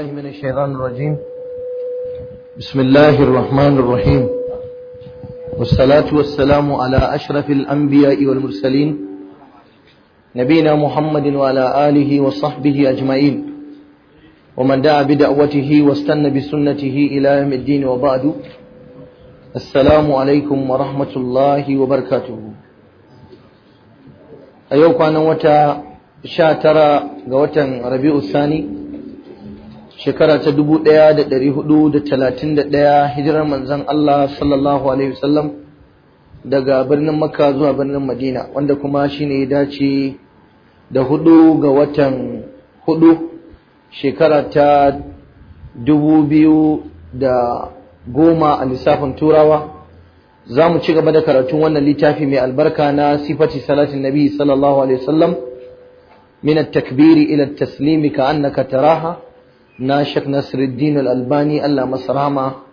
الله من الشيطان الرجيم بسم الله الرحمن الرحيم والصلاة والسلام على أشرف الأنبياء والمرسلين نبينا محمد وعلى آله وصحبه أجمعين ومن دعا بدعوته واستنى بسنته إلى يوم الدين وبعد السلام عليكم ورحمة الله وبركاته أيوك أنا وتا شاترا قوة ربيع الثاني shekara ta da da talatin ɗaya, hijirar manzon Allah sallallahu alaihi wasallam daga birnin Makka zuwa birnin Madina wanda kuma shine ya dace da hudu ga watan hudu shekara ta dubu biyu da goma a lissafin turawa za mu ci gaba da karatun wannan littafi mai albarka na sifati salatin nabi sallallahu alaihi wasallam min at-takbiri ila taslimi ka annaka taraha na Sheikh Nasiruddin Al-Albani Allah masa rahama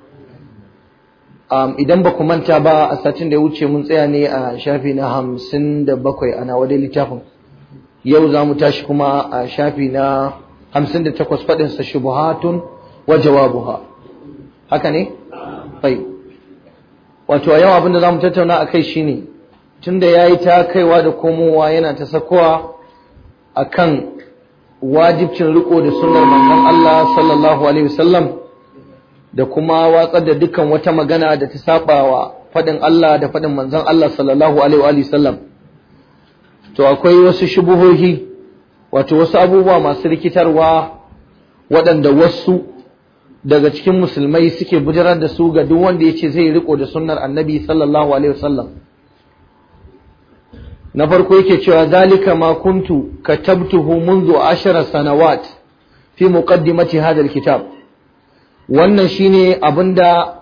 um, idan ba ku manta ba a satin da ya wuce mun tsaya ne a shafi na hamsin da bakwai ana wadai littafin yau za mu tashi kuma a shafi na hamsin da takwas faɗinsa shubuhatun wa jawabuha haka ne? bai wato a yau abin da za mu tattauna a kai shi ne tun da ya yi ta kaiwa da komowa yana ta sakowa a kan wajibcin riko da sunar manzon Allah sallallahu alaihi wasallam da kuma watsar da dukkan wata magana da ta wa faɗin Allah da faɗin manzon Allah sallallahu alaihi wasallam to akwai wasu shubuhohi wato wasu abubuwa masu rikitarwa waɗanda wasu daga cikin musulmai suke bujirar da su ga duk wanda ya ce zai riko da sunnar annabi sallallahu alaihi wasallam na farko yake cewa zalika ma kuntu katabtuhu منذ ashara sanawat fi muqaddimati hadha alkitab wannan shine abinda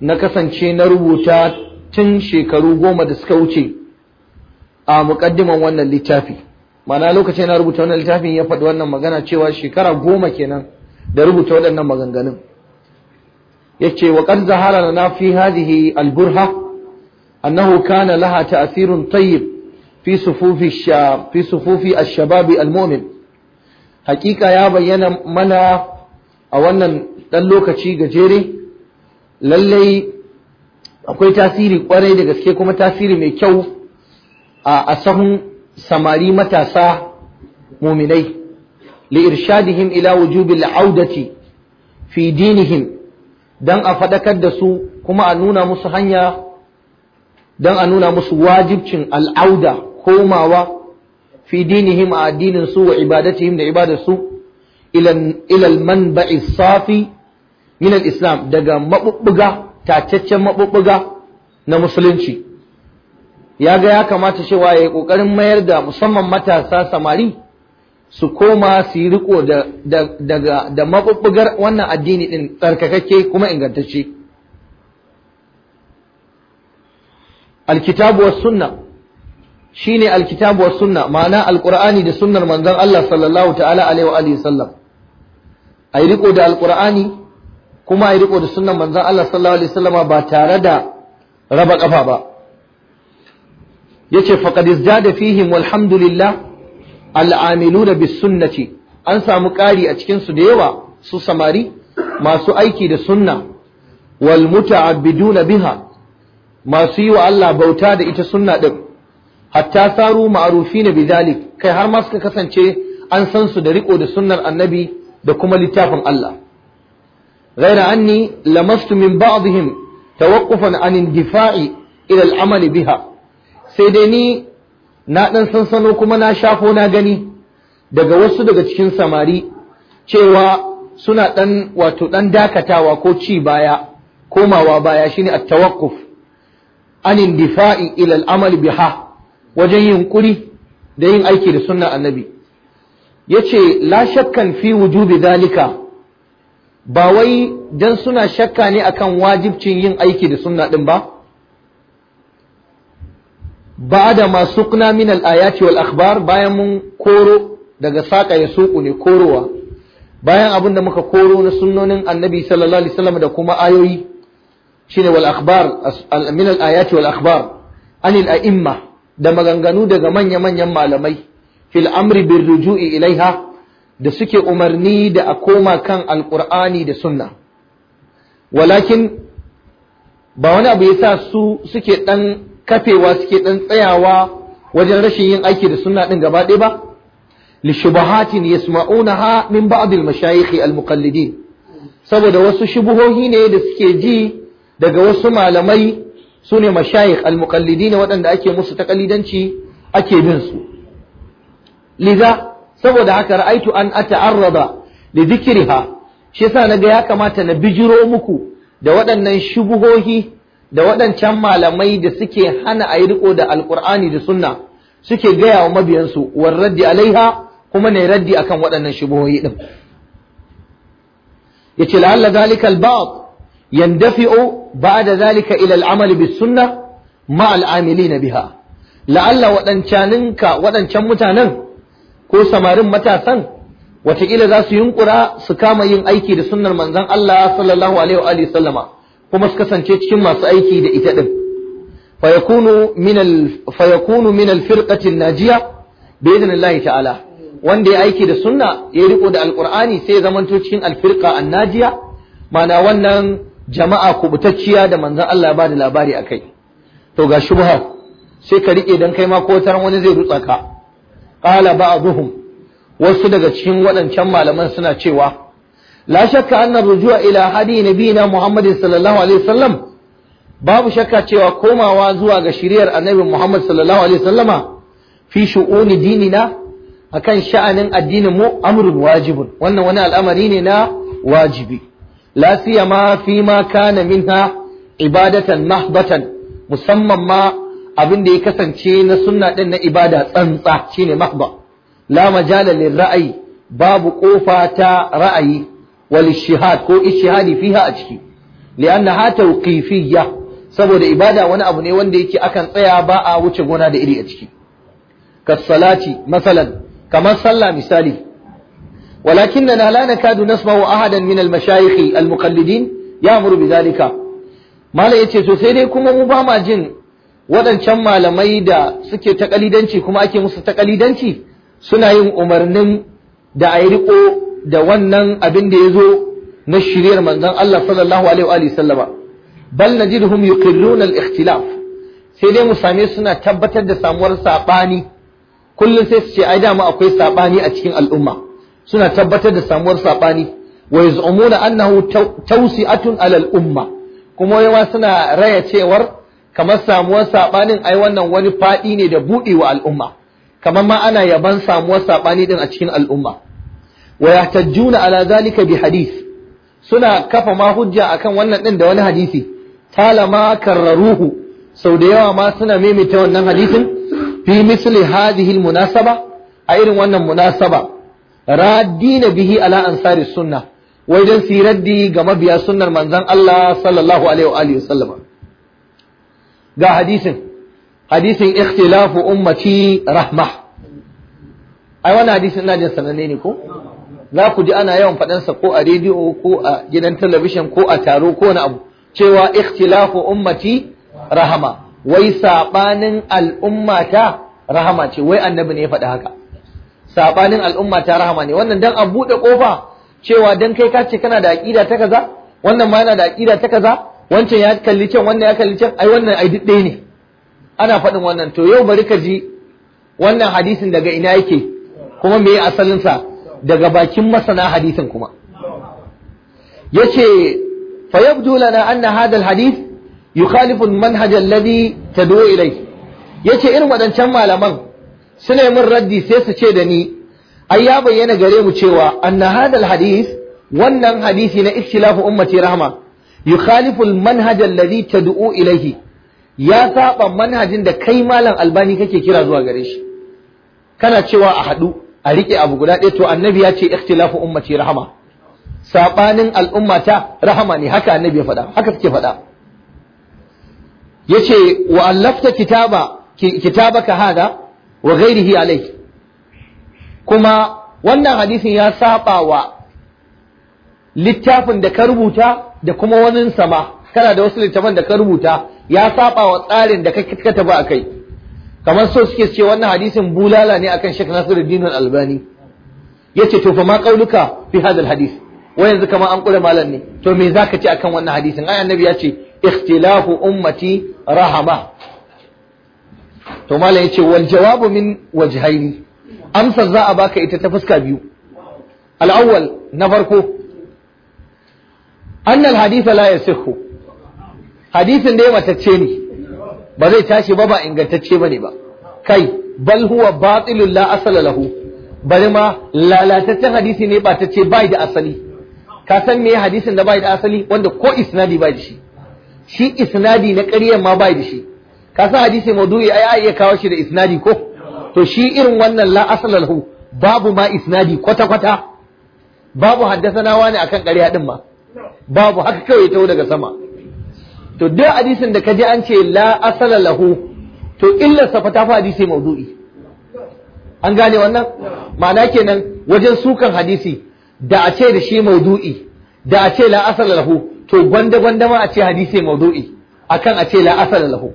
na kasance na rubuta tun shekaru goma da suka wuce a muqaddiman wannan littafi mana lokacin na rubuta wannan littafin ya faɗi wannan magana cewa shekara goma kenan da rubuta waɗannan maganganun yace wa qad zahara lana fi hadhihi alburha annahu kana laha ta'sirun tayyib fi sufufi fi sufufi ash-shababi al-mu'min ya bayyana mana a wannan dan lokaci gajere lallai akwai tasiri kwarai da gaske kuma tasiri mai kyau a asahun samari matasa muminai li irshadihim ila wujubi al-audati fi dinihim dan a fadakar da su kuma a nuna musu hanya dan a nuna musu wajibcin al'auda komawa fi dinihim a addinin su wa ibadatihim da ibadar su ilal man ba'i safi min islam daga mabubbuga tacaccen mabubbuga na musulunci Yaga ya kamata cewa ya yi kokarin mayar da musamman matasa samari su koma su yi riko da daga da mabubbugar wannan addini din tsarkakakke kuma ingantacce alkitabu was sunna shine alkitabu was sunna ma'ana alqur'ani da sunnar manzon Allah sallallahu ta'ala alaihi wa alihi sallam ai riko da alqur'ani kuma ai riko da sunnar manzon Allah sallallahu alaihi wasallama ba tare da raba kafa ba yace faqad izdada fihim walhamdulillah al'amiluna bis sunnati an samu ƙari a cikin su da yawa su samari masu aiki da sunna wal muta'abbiduna biha masu yi wa Allah bauta da ita sunna din hatta saru na bidhalik kai har ma suka kasance an san su da riko da sunnar annabi da kuma littafin Allah غير أني لمست من amal biha. Sai dai ni na ɗan sansano kuma na shafo na gani. daga wasu daga cikin samari cewa suna dan wato dan dakatawa ko ci baya komawa baya shine at-tawaqquf an indifa'i ila al-amal biha wajen yunkuri da yin aiki da sunna annabi ce la shakkan fi wujubi zalika ba wai dan suna shakka ne akan wajibcin yin aiki da sunna din ba Ba da suqna min al wal akhbar bayan mun koro daga saƙa ya suku ne korowa bayan abin da muka koro na sunnonin annabi sallallahu alaihi wasallam da kuma ayoyi shine wal akhbar min al ayati wal akhbar anil a'imma da maganganu daga manya-manyan malamai fil amri bir ruju'i ilaiha da suke umarni da a koma kan alkur'ani da sunna walakin ba wani abu yasa su suke ɗan kafewa suke ɗan tsayawa wajen rashin yin aiki da sunna ɗin gaba ɗaya ba li shubahatin ha min ba'd al mashayikh al muqallidin saboda wasu shubuhohi ne da suke ji daga wasu malamai su ne mashayikh al-muqallidi ne waɗanda ake musu taƙalidanci ake bin su liza saboda haka ra'aitu an ata'arrada li dhikriha shi yasa ga ya kamata na bijiro muku da waɗannan shubuhohi da waɗancan malamai da suke hana a yi riko da alkur'ani da sunna suke gaya wa mabiyansu war raddi alaiha kuma ne raddi akan waɗannan shubuhohi din yace la'alla zalikal ba'd Yan يندفع ba da إلى ilal'amali بالسنة sunna, العاملين بها لعل وأن شاننك waɗancan mutanen, ko samarin matasan wataƙila za su yunƙura su kama yin aiki da sunnar manzon Allah sallallahu alaihi wa kuma su kasance cikin masu aiki da ita din fa yakunu min al fa yakunu min al ta'ala wanda ya aiki da sunna ya riko da alqur'ani sai ya zamanto cikin al firqa an najiya mana wannan jama'a kubutacciya da manzon Allah ba da labari a kai to ga shubha sai ka riƙe don kai ma ko taron wani zai rutsa ka qala ba'dhum wasu daga cikin waɗancan malaman suna cewa la shakka anna rujua ila hadi na muhammadin sallallahu alaihi wasallam babu shakka cewa komawa zuwa ga shiriyar annabi Muhammad sallallahu alaihi wasallama fi shu'uni dinina akan sha'anin addinin mu amrun wajibun wannan wani al'amari ne na wajibi lafiya ma fi ma kana minha ibadatan mahbatan musamman ma abin da ya kasance na sunna din na ibada tsantsa shine mahba. la majala lil ra'ayi babu kofa ta ra'ayi wal shihad ko ishihadi fiha a ciki ha tawqifiyya saboda ibada wani abu ne wanda yake akan tsaya ba a wuce gona da iri a ciki salati masalan kamar sallah misali ولكننا لا نكاد نسمع أحدا من المشايخ المقلدين يأمر بذلك ما لا يتي سوسيدي كما مباما jin waɗancan malamai da suke takalidanci kuma ake musu takalidanci suna yin umarnin da a riƙo da wannan abin da ya zo na shiryar manzon Allah sallallahu alaihi wa sallama bal najidhum yuqirruna al-ikhtilaf sai dai mu same suna tabbatar da samuwar saɓani, kullum sai su ce ai dama akwai saɓani a cikin al'umma suna tabbatar da samuwar sabani wa yaz'umuna annahu tawsi'atun alal umma kuma yawa suna raya cewar kamar samuwar sabanin ai wannan wani fadi ne da buɗewa wa al'umma kamar ma ana yaban samuwar sabani din a cikin al'umma wa yahtajjuna ala zalika bi hadith suna kafa ma hujja akan wannan din da wani hadisi talama karraruhu sau da yawa ma suna mimita wannan hadisin fi misli hadhihi munasaba a irin wannan munasaba radina bihi ala ansari sunna wai dan sirar raddi ga mabiya sunnar manzon Allah sallallahu alaihi wa alihi sallama ga hadisin hadisin ikhtilafu ummati rahma ai wannan hadisin ina jin sananne ne ko za ku ji ana yawan faɗan sa ko a rediyo ko a gidan talabishin ko a taro ko na abu cewa ikhtilafu ummati rahama wai sabanin al'ummata rahama ce wai annabi ne ya faɗi haka sabanin al'umma ta rahama ne wannan dan an bude kofa cewa dan kai ka ce kana da aqida ta kaza wannan ma yana da aqida ta kaza wancan ya kalli can wannan ya kalli can ai wannan ai duk ne ana faɗin wannan to yau bari ka ji wannan hadisin daga ina yake kuma me asalin sa daga bakin masana hadisin kuma yace fa yabdu lana anna hadha alhadith yukhalifu almanhaj alladhi tad'u ilayhi yace irin wadancan malaman suna yi min raddi sai su ce da ni ai ya bayyana gare mu cewa anna hadal hadis, wannan hadisi na ikhtilafu ummati rahma yukhalifu al manhaj alladhi tad'u ilayhi ya saba manhajin da kai malam albani kake kira zuwa gare shi kana cewa a hadu a rike abu guda ɗaya to annabi ya ce ikhtilafu ummati rahma sabanin al'ummata rahama ne haka annabi ya faɗa haka suke faɗa yace wa allafta kitaba kitabaka hada wa ghairihi alai kuma wannan hadisin ya saba wa littafin da ka rubuta da kuma wani sama kana da wasu littafin da ka rubuta ya saba wa tsarin da ka tafi a kai kamar so suke ce wannan hadisin bulala ne akan Sheikh Nasiruddin Al-Albani yace to fa ma qauluka fi hadal hadis wa yanzu kama an kula malam ne to me zaka ce akan wannan hadisin ai annabi ya ce ikhtilafu ummati rahama to malam yace wal jawabu min wajhaini amsar za a baka ita ta fuska biyu al-awwal na farko annal haditha la yasihhu hadisin da ya matacce ne ba zai tashi ba ba ingantacce bane ba kai bal huwa batilun la asala lahu bari ma lalataccen hadisi ne ba ta ce bai da asali ka san me hadisin da bai da asali wanda ko isnadi bai da shi shi isnadi na ƙaryar ma bai da shi ka san hadisi maudu'i ai iya kawo shi da isnadi ko to shi irin wannan la asala lahu babu ma isnadi kwata kwata babu haddasana wani akan ƙarya din ma babu haka kawai taho daga sama to duk hadisin da kaji an ce la asala lahu to illarsa fa ta fa hadisi maudu'i an gane wannan ma'ana kenan wajen sukan hadisi da a ce da shi maudu'i da a ce la asala lahu to gwanda gwanda ma a ce hadisi maudu'i akan a ce la asala lahu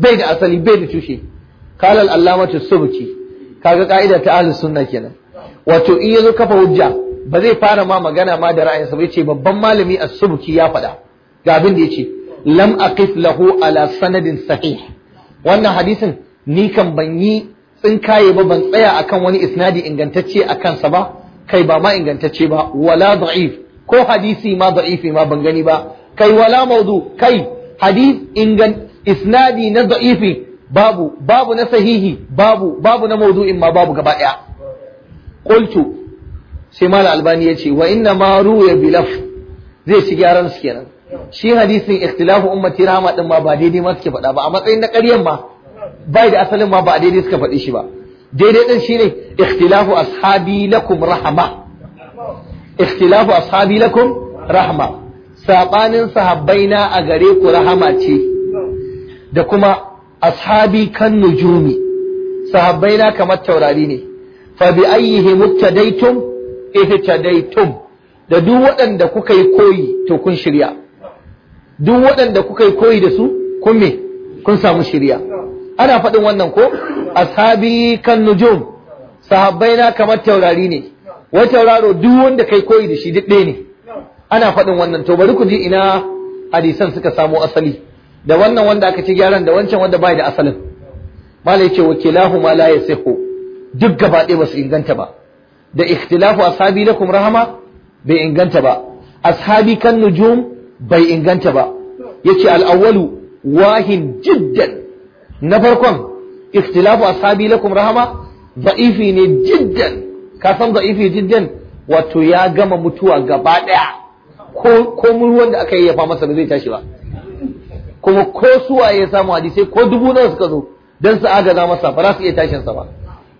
bai da asali bai da tushe qala al allamatu subki kaga ka'ida ta ahlus sunna kenan wato in yazo kafa hujja ba zai fara ma magana ma da ra'ayinsa ba yace babban malami as-subki ya faɗa ga abin da yace lam aqif lahu ala sanadin sahih wannan hadisin ni kan ban yi tsinkaye ba ban tsaya akan wani isnadi ingantacce a kansa ba kai ba ma ingantacce ba wala da'if ko hadisi ma da'ifi ma ban gani ba kai wala maudu kai hadis ingan isnadi na da'ifi babu babu na sahihi babu babu na mawdu'in ma babu gaba daya qultu sai mal albani yace wa inna ma ruya bilaf zai ci gyaran su kenan shi hadisin ikhtilafu ummati rahma din ma ba daidai ma suke faɗa ba a matsayin na ƙaryan ma bai da asalin ma ba daidai suka faɗi shi ba daidai din shine ikhtilafu ashabi lakum rahma ikhtilafu ashabi lakum rahma sabanin sahabbaina a gare ku rahama ce da kuma ashabi kan nujumi sahabbai na kamar taurari ne fa bi ayyihi muttadaitum ihtadaitum da duk waɗanda kuka yi koyi to kun shirya duk waɗanda kuka yi koyi da su kun me kun samu shirya ana faɗin wannan ko ashabi kan nujum sahabbai na kamar taurari ne wai tauraro duk wanda kai koyi da shi duk ɗaya ne ana faɗin wannan to bari ku ji ina hadisan suka samo asali da wannan wanda aka ci gyaran da wancan wanda bai da asalin mala yace wakilahu ma la yasihu duk gaba ɗaya basu inganta ba da ikhtilafu ashabi lakum rahama bai inganta ba ashabi kan nujum bai inganta ba yace al-awwalu wahin jiddan na farkon ikhtilafu ashabi lakum rahama da'ifi ne jiddan ka san da'ifi jiddan wato ya gama mutuwa gaba daya ko ko ruwan da aka yayyafa masa ba zai tashi ba kuma ko suwa ya samu hadisai ko dubu nawa suka zo dan su agaza masa ba za su iya tashin sa ba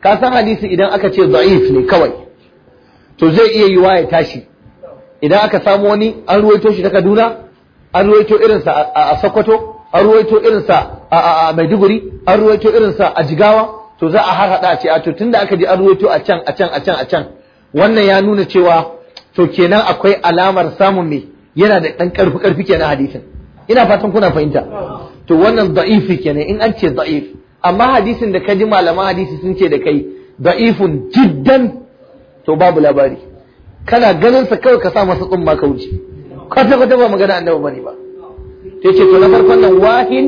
ka san hadisi idan aka ce da'if ne kawai to zai iya yiwa ya tashi idan aka samu wani an ruwaito shi ta Kaduna an ruwaito irinsa a Sokoto an ruwaito irinsa a Maiduguri an ruwaito irinsa a Jigawa to za a harhaɗa a ce a to tunda aka je an ruwaito a can a can a can a can wannan ya nuna cewa to kenan akwai alamar samun me yana da ɗan ƙarfi ƙarfi kenan hadisin ina fatan kuna fahimta to wannan da'ifi kenan in an ce da'if amma hadisin da ka ji malaman hadisi sun ce da kai da'ifun jiddan to babu labari kana ganin sa kawai ka sa masa tsumma ka wuce kwata kwata ba magana annabi bane ba to yace to na farkon nan wahin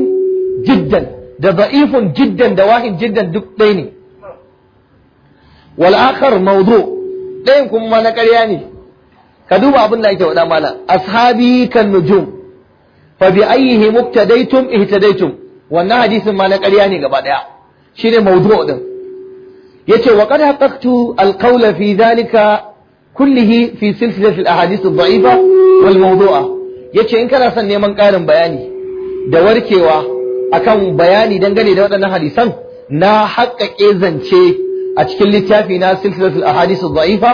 jiddan da da'ifun jiddan da wahin jiddan duk ɗaya ne wal akhar mawdu ɗayan kuma na ƙarya ne ka duba abin da ake faɗa mana ashabi kan nujum fa bi ayyihi muktadaitum ihtadaitum wannan hadisin ma na ƙarya ne gaba daya shine mawdu'u din yace wa qad haqqaqtu al-qawla fi dhalika kullihi fi silsilati al-ahadith ad-da'ifa wal mawdu'a yace in kana son neman ƙarin bayani da warkewa akan bayani dangane da waɗannan hadisan na haƙƙaƙe zance a cikin littafi na silsilati al-ahadith ad-da'ifa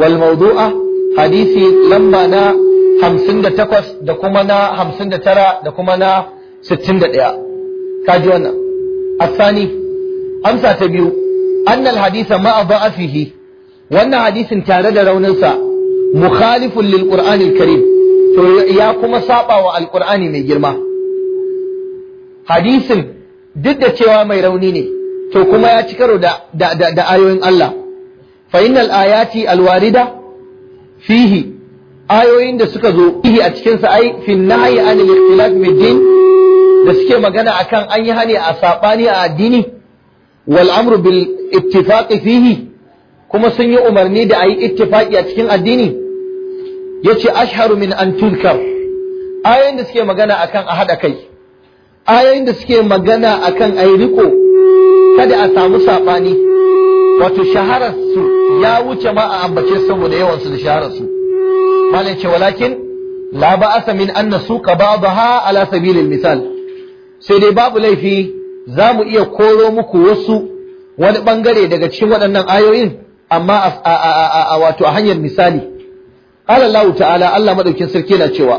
wal mawdu'a hadisi lamba na hamsin da takwas da kuma na hamsin da tara da kuma na sittin da ɗaya kaji wannan asani amsa ta biyu annal hadisa ma'a ba'afihi wannan hadisin tare da rauninsa mukhalifun lil qur'anil karim to ya kuma saba wa alqur'ani mai girma hadisin duk da cewa mai rauni ne to kuma ya ci karo da da, da, da ayoyin Allah fa innal ayati alwarida fihi ayoyin da suka zo ihi a cikin sa ai fi nahyi anil ikhtilaf din da suke magana akan an yi hani a sabani a addini wal amru bil ittifaq fihi kuma sun yi umarni da ayi ittifaqi a cikin addini yace ashharu min an tunkar ayoyin da suke magana akan a hada kai ayoyin da suke magana akan yi riko kada a samu sabani wato shahararsu ya wuce ma a ambace saboda yawansu da shahararsu malai ce walakin la ba'asa min an nasuka ba'daha ala sabilil misal sai dai babu laifi za mu iya koro muku wasu wani bangare daga cikin waɗannan ayoyin amma a wato hanyar misali qala Allah ta'ala Allah madaukin sarki na cewa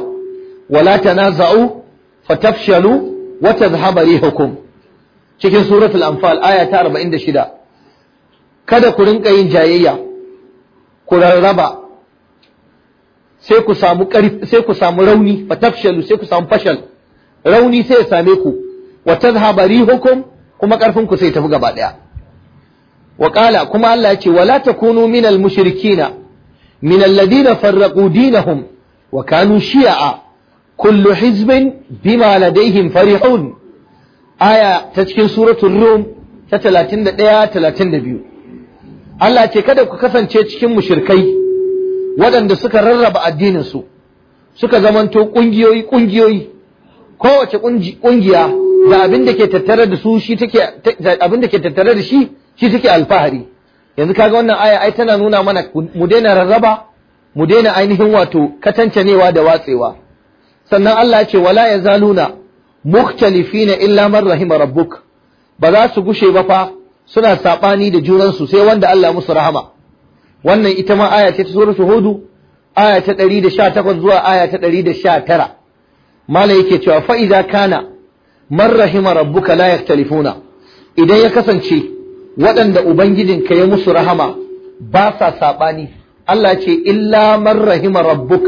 wala tanaza'u fatafshalu watan tadhhaba rihukum cikin suratul anfal aya ta arba'in shida kada ku rinka yin jayayya ku rarraba sai ku samu sai ku samu rauni fatafshalu sai ku samu fashal rauni sai ya same ku wa tadhhaba rihukum kuma karfin ku sai tafi gaba daya wa qala kuma Allah ya ce wala takunu minal mushrikina min alladhina farraqu dinahum wa kanu shi'a kullu hizbin bima ladaihim farihun aya ta cikin suratul rum ta 31 32 Allah ce kada ku kasance cikin mushrikai waɗanda suka rarraba addininsu suka zamanto ƙungiyoyi ƙungiyoyi kowace ƙungiya da abin da ke tattare da shi shi shi take alfahari yanzu kaga wannan aya ai tana nuna mana mu daina rarraba mu daina ainihin wato katancanewa da watsewa sannan Allah ya ce wala yazaluna mukhtalifina illa man rahima rabbuk ba za su gushe ba fa suna sabani da junansu sai wanda Allah musu rahama wannan ita ma aya ce ta suratul hudu aya ta 118 zuwa aya ta 119 malai yake cewa fa idza kana man rahima rabbuka la yaktalifuna idan ya kasance waɗanda ubangijinka ya musu rahama ba sa sabani Allah ce illa man rahima rabbuk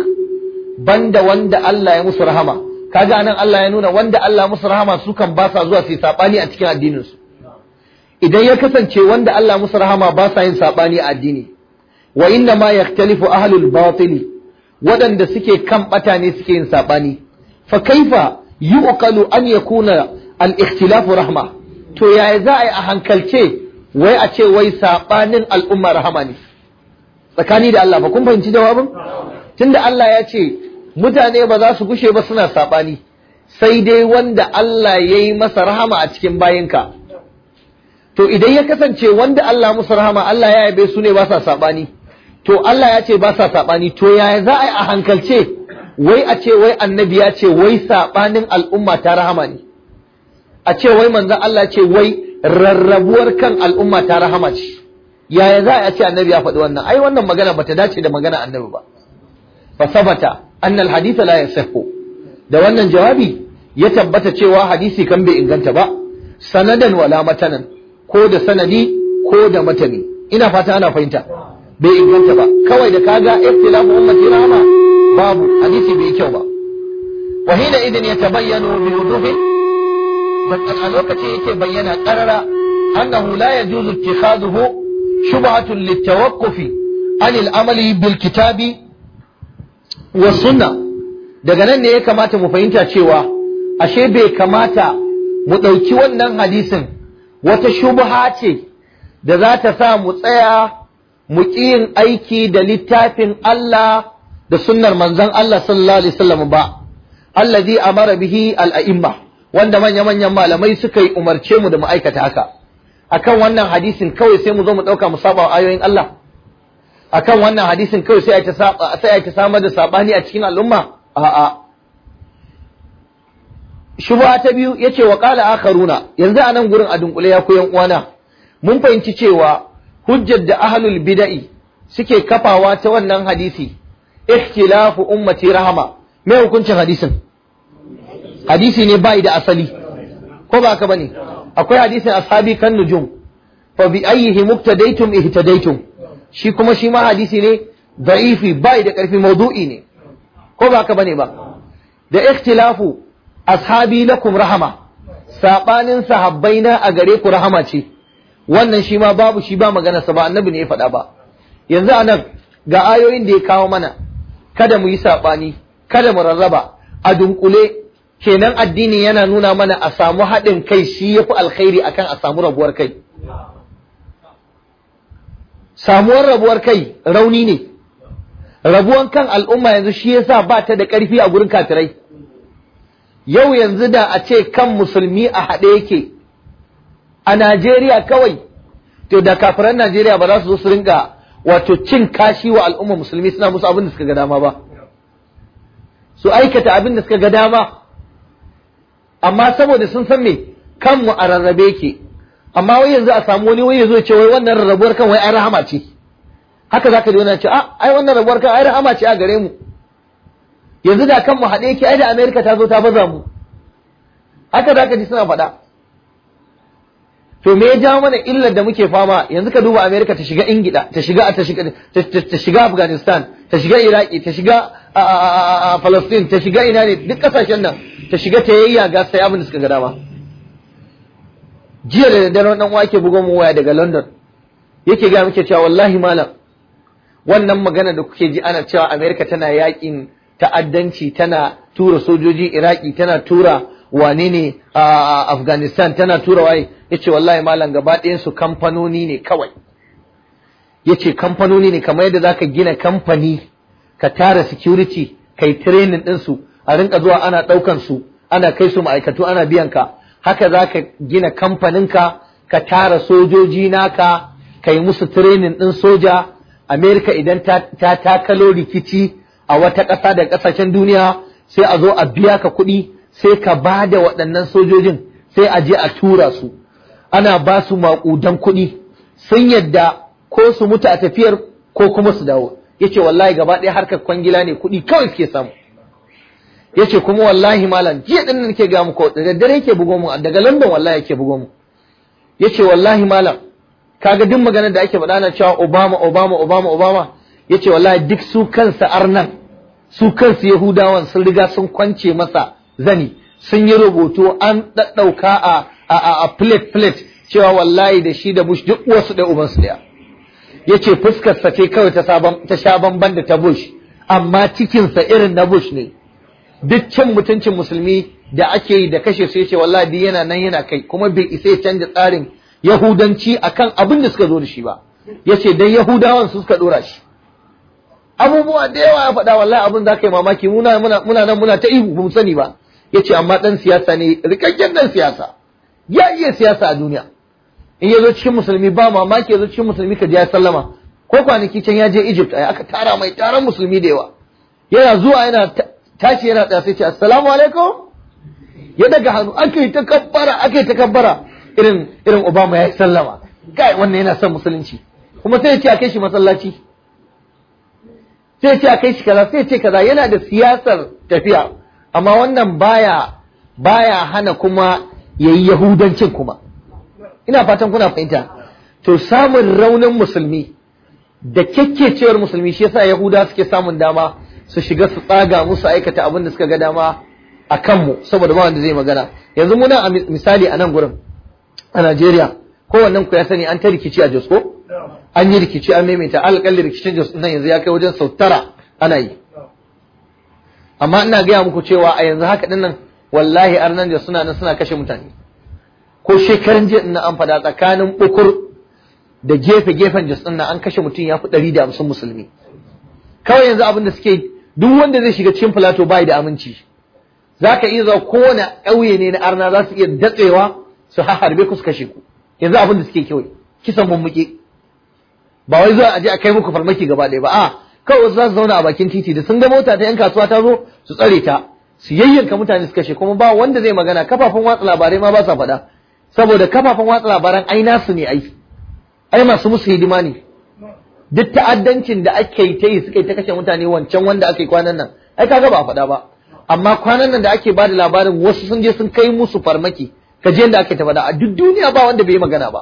banda wanda Allah ya musu rahama kaga anan Allah ya nuna wanda Allah musu rahama su kan ba sa zuwa su yi sabani a cikin addininsu idan ya kasance wanda Allah musu rahama ba sa yin sabani a addini wa inna ma yaktalifu ahlul batil waɗanda suke kan bata ne suke yin saɓani, fa kaifa yuqalu an yakuna al ikhtilafu rahma to yaya za a yi a hankalce wai a ce wai saɓanin al'umma rahama ne tsakani da Allah ba kun fahimci jawabin tunda Allah ya ce mutane ba za su gushe ba suna saɓani, sai dai wanda Allah ya yi masa rahama a cikin bayinka to idan ya kasance wanda Allah musu rahama Allah ya yabe su ne ba sa saɓani to Allah ya ce ba sa saɓani to yaya za a yi a hankalce wai a ce wai annabi ya ce wai saɓanin al'umma ta rahama ne a ce wai manzan Allah ce wai rarrabuwar kan al'umma ta rahama ce yaya za a ce annabi ya faɗi wannan ai wannan magana bata dace da magana annabi ba fa sabata anna al-hadith la yasihhu da wannan jawabi ya tabbata cewa hadisi kan bai inganta ba sanadan wala matanan ko da sanadi ko da matani ina fata ana fahimta bai inganta ba kawai da kaga ikhtilafu ummati rahma babu hadisi bai kyau ba wa hina idin yatabayyanu bi wuduhi a lokacin yake bayyana karara annahu la yajuzu ittikhaduhu shubhatun litawaqqufi an al-amali bil kitabi wa sunnah daga nan ne ya kamata mu fahimta cewa ashe bai kamata mu ɗauki wannan hadisin wata shubha ce da za ta sa mu tsaya mu yin aiki da littafin Allah da sunnar manzon Allah sallallahu alaihi wasallam ba allazi amara bihi al-a'imma wanda manya manyan malamai suka yi umarce mu da mu aikata haka akan wannan hadisin kawai sai mu zo mu dauka mu saba ayoyin Allah akan wannan hadisin kawai sai ta sai ta samar da sabani a cikin al'umma a'a shubha ta biyu yace wa qala akharuna yanzu anan gurin a dunkule ya koyan uwana mun fahimci cewa hujjar da ahlul bida'i suke kafawa ta wannan hadisi ikhtilafu ummati rahama me hukuncin hadisin hadisi ne bai da asali ko ba ka bane akwai hadisin ashabi kan nujum fa bi ayyihi muktadaitum ihtadaytum shi kuma shi ma hadisi ne da'ifi bai da karfi maudu'i ne ko ba ka bane ba da ikhtilafu ashabi lakum rahama sabanin sahabbaina a gare ku rahama ce wannan shi ma babu shi ba magana sa ba annabi ne ya faɗa ba yanzu anan ga ayoyin da ya kawo mana kada mu yi saɓani kada mu rarraba a dunkule kenan addini yana nuna mana a samu haɗin kai shi ya fi alkhairi akan a samu rabuwar kai samuwar rabuwar kai rauni ne rabuwan kan al'umma yanzu shi yasa ba ta da ƙarfi a gurin katirai. yau yanzu da a ce kan musulmi a haɗe yake a Najeriya kawai to da kafiran Najeriya ba za su zo su ringa wato cin kashi wa al'umma musulmi suna musu abin da suka ga dama ba su aikata abin da suka ga dama amma saboda sun san me kanmu a rarrabe ke amma wai yanzu a samu wani wai yazo ce wai wannan rarrabuwar kan wai ai rahama ce haka zaka ji wannan ce a ah, ai wannan rarrabuwar kan ai rahama ce a gare mu yanzu da kanmu haɗe ke ai da America ta zo ta baza mu haka zaka ji suna faɗa to me ya ja mana illar da muke fama yanzu ka duba Amerika ta shiga Ingila ta shiga ta shiga Afghanistan ta shiga Iraki ta shiga Palestine ta shiga ina ne duk kasashen nan ta shiga ta yayya ga sai abin da suka ga dama jiya da daddare dan wake bugo mu waya daga London yake ga muke cewa wallahi malam wannan magana da kuke ji ana cewa Amerika tana yakin ta'addanci tana tura sojoji Iraki tana tura wane ne a Afghanistan tana tura waye ce wallahi malam gaba su kamfanoni ne kawai Ya ce kamfanoni ne kamar yadda zaka gina kamfani ka tara security kai training ɗinsu a rinka zuwa ana ɗaukan su ana kai su ma'aikatu ana biyan ka haka zaka gina kamfaninka ka tara sojoji naka kai musu training ɗin soja Amerika idan ta takalo rikici a wata ƙasa da ƙasashen duniya sai a zo a biya ka kuɗi sai ka ba da waɗannan sojojin sai a je a tura su ana ba su maƙudan kuɗi sun yadda ko su mutu a tafiyar ko kuma su dawo Ya ce wallahi gaba ɗaya harkar kwangila ne kuɗi kawai suke samu Ya ce kuma wallahi malam jiya ɗin nan ke ga muku da daddare yake bugo mu daga London wallahi yake bugo mu Ya ce wallahi malam kaga duk maganar da ake faɗa na cewa Obama Obama Obama Obama Ya ce wallahi duk su kansa arnan su kansu Yahudawan sun riga sun kwance masa zani sun yi rubutu an ɗaɗɗauka a plate plate cewa wallahi da shi da bush duk wasu ɗaya uban su ɗaya yace fuskarsa ce kawai ta sha bamban da ta bush amma cikinsa irin na bush ne duk cin mutuncin musulmi da ake yi da kashe su ya ce wallahi yana nan yana kai kuma bai isa ya canja tsarin yahudanci akan abin da suka zo da shi ba yace dan yahudawan su suka dora shi abubuwa da yawa ya faɗa wallahi abin za ka yi mamaki muna muna nan muna ta ihu ba mu sani ba Ya ce amma ɗan siyasa ne rikakken ɗan siyasa ya iya siyasa a duniya in ya zo cikin musulmi ba mamaki zo cikin musulmi ka ya sallama ko kwanaki can ya je Egypt a aka tara mai taron musulmi da yawa yana zuwa yana tashi yana da sai ce assalamu alaikum ya daga hannu aka yi ta kabbara aka yi ta kabbara irin irin Obama ya sallama kai wannan yana son musulunci kuma sai ya ce a kai shi masallaci sai ya ce a kai shi kaza sai ya ce kaza yana da siyasar tafiya amma wannan baya baya hana kuma yayi yahudancin kuma ina fatan kuna fahimta to samun raunin musulmi da kekkecewar musulmi shi yasa yahuda suke samun dama su shiga su tsaga musu aikata abin da suka ga dama a kanmu saboda ba wanda zai magana yanzu muna a misali a nan gurin a Najeriya kowannen ku ya sani an ta rikici a Jos ko an yi rikici an maimaita alƙalli rikicin Jos nan yanzu ya kai wajen sautara ana yi amma ina gaya muku cewa a yanzu haka dinnan wallahi arnan da suna nan suna kashe mutane ko shekaran jiya ina an fada tsakanin bukur da gefe gefen jis din an kashe mutum ya fi ɗari da hamsin musulmi kawai yanzu abin da suke duk wanda zai shiga cikin falato bai da aminci za ka iya zuwa kowane ƙauye ne na arna za su iya datsewa su harbe ku su kashe ku yanzu abin da suke kyau kisan mummuke ba wai zuwa a je a kai muku farmaki gaba ɗaya ba a kawai wasu za su zauna a bakin titi da sun ga mota ta yan kasuwa ta zo su tsare ta su yayyanka mutane su kashe kuma ba wanda zai magana kafafen watsa labarai ma ba sa faɗa saboda kafafen watsa labaran ai nasu ne ai ai masu musu hidima ne duk ta'addancin da ake yi ta yi suka yi ta kashe mutane wancan wanda ake kwanan nan ai kaga ba faɗa ba amma kwanan nan da ake ba da labarin wasu sun je sun kai musu farmaki ka je yadda ake ta faɗa a duk duniya ba wanda bai yi magana ba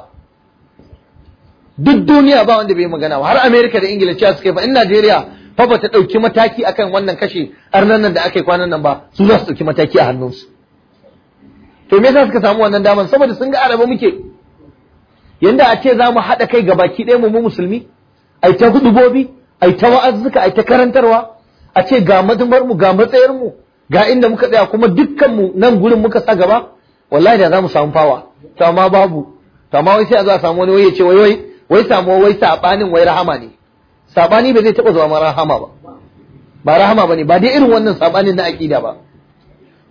duk duniya ba wanda bai magana ba har Amerika da Ingila cewa suka ba in Najeriya fa ba ta ɗauki mataki akan wannan kashe arnan nan da aka yi kwanan nan ba su za su ɗauki mataki a hannunsu to me yasa suka samu wannan daman saboda sun ga araba muke yanda a ce za mu haɗa kai baki ɗaya mu mu musulmi ai ta hudubobi ai ta wa'azzuka ai ta karantarwa a ce ga madubar mu ga matsayar mu ga inda muka tsaya kuma dukkan mu nan gurin muka sa gaba wallahi da za mu samu fawa to amma babu to amma wai sai a zo a samu wani wai ce wai wai wai samuwa wai sabanin wai rahama ne sabani ba zai taba ma rahama ba ba rahama bane ba dai irin wannan sabanin na aqida ba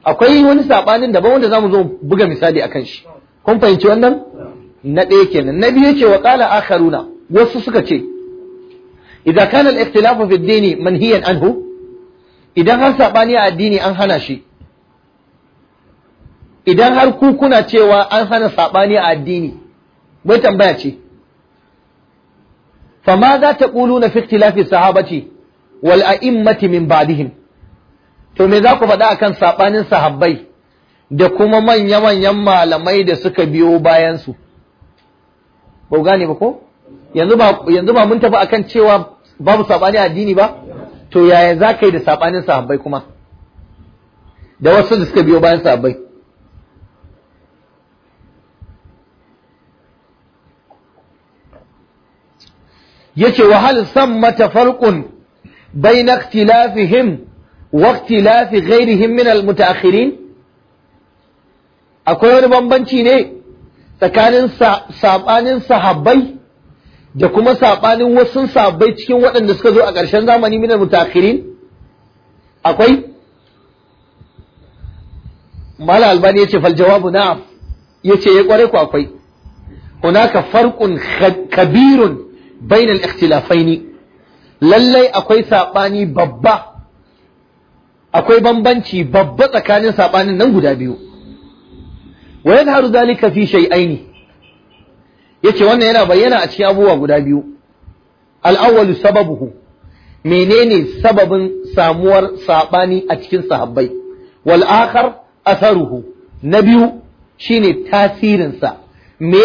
akwai wani sabanin daban wanda zamu zo buga misali akan shi kun fahimci wannan na ɗaya kenan na biyu wa qala akharuna wasu suka ce idza kana al-ikhtilafu fi dini manhiyan anhu idan har sabani a addini an hana shi idan har ku kuna cewa an hana sabani a addini wai tambaya ce fama za ta ƙulu na fiktilafi sahabati wal a'immati min ba'dihim to me za ku faɗa akan saɓanin sahabbai da kuma manya-manyan malamai da suka biyo bayansu ba gane ba ko yanzu ba mun tafi akan cewa babu saɓani addini ba to yaya za ka yi da saɓanin sahabbai kuma da wasu da suka biyo bayan sahabbai yace wa hal sammata farqun bayna ikhtilafihim wa ikhtilafi ghairihim min almutaakhirin akwai wani bambanci ne tsakanin sabanin sahabbai da kuma sabanin wasu sahabbai cikin waɗanda suka zo a ƙarshen zamani min almutaakhirin akwai mala albani yace fal jawabu na'am yace ya eh, kware ku akwai hunaka farqun kabirun bainal ne lallai akwai sabani babba akwai bambanci babba tsakanin sabanin nan guda biyu wa yadharu dhalika fi shay'aini yace wannan yana bayyana a cikin abubuwa guda biyu al-awwalu sababuhu menene sababin samuwar saɓani a cikin sahabbai wal akhar atharuhu na biyu shine tasirinsa me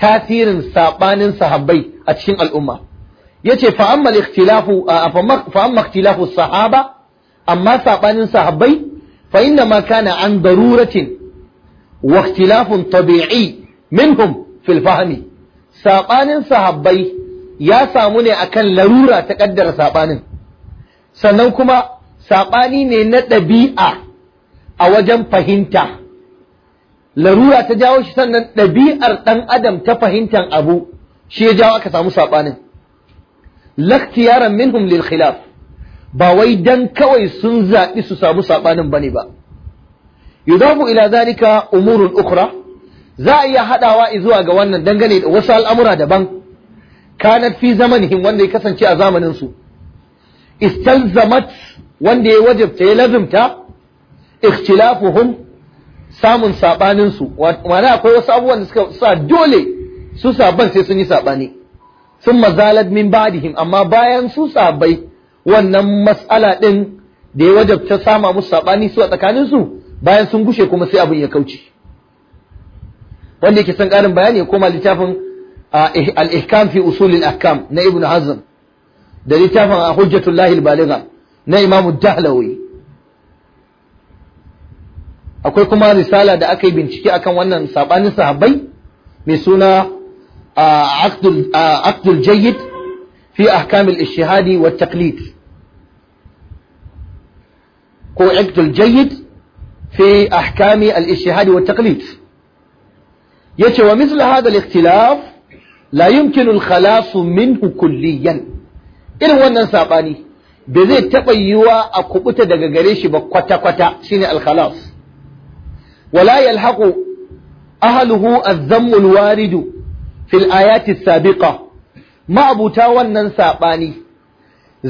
tasirin saɓanin sahabbai a cikin al'umma yace fa amma ikhtilafu sahaba amma saɓanin sahabbai fa inna ma kana an daruratin wa ikhtilafun tabi'i minhum fil fahmi saɓanin sahabbai ya samu ne akan larura ta ƙaddara saɓanin, sannan kuma saɓani ne na ɗabi'a a wajen fahimta larura ta jawo shi sannan ɗabi'ar ɗan adam ta fahimtar abu shi ya jawo aka samu saɓanin laktiyaran minhum lil khilaf ba wai dan kawai sun zaɓi su samu saɓanin bane ba yudafu ila zalika umurun ukhra za a iya haɗawa zuwa ga wannan dangane da wasu al'amura daban kanat fi zamanihim wanda ya kasance a zamanin su istalzamat wanda ya wajabta ya lazimta ikhtilafuhum samun sabanin su akwai wasu abubuwan da suka sa dole su saban sai sun yi saɓani sun mazalad min ba'dihim amma bayan su sabai wannan matsala ɗin da ya wajabta sama musu sabani su a tsakanin su bayan sun gushe kuma sai abin ya kauce wanda yake son karin bayani ya koma littafin eh, al-ihkam fi usul ahkam na ibnu hazm da littafin hujjatullahi al-baligha na imamu dahlawi akwai kuma risala da aka yi bincike akan wannan sabanin sahabbai mai suna aqdul jayyid fi ahkamil ishihadi wa taqlid ko aqdul jayyid fi ahkami al ishihadi wa taqlid yace wa misl hada al ikhtilaf la yumkinu al khalas minhu kulliyan irin wannan sabani ba zai taɓa yiwa a kubuta daga gare shi ba kwata-kwata shine al khalas wala yalhaqu ahluhu az-zammu al-waridu fil ayati as-sabiqa ma'abuta wannan saɓani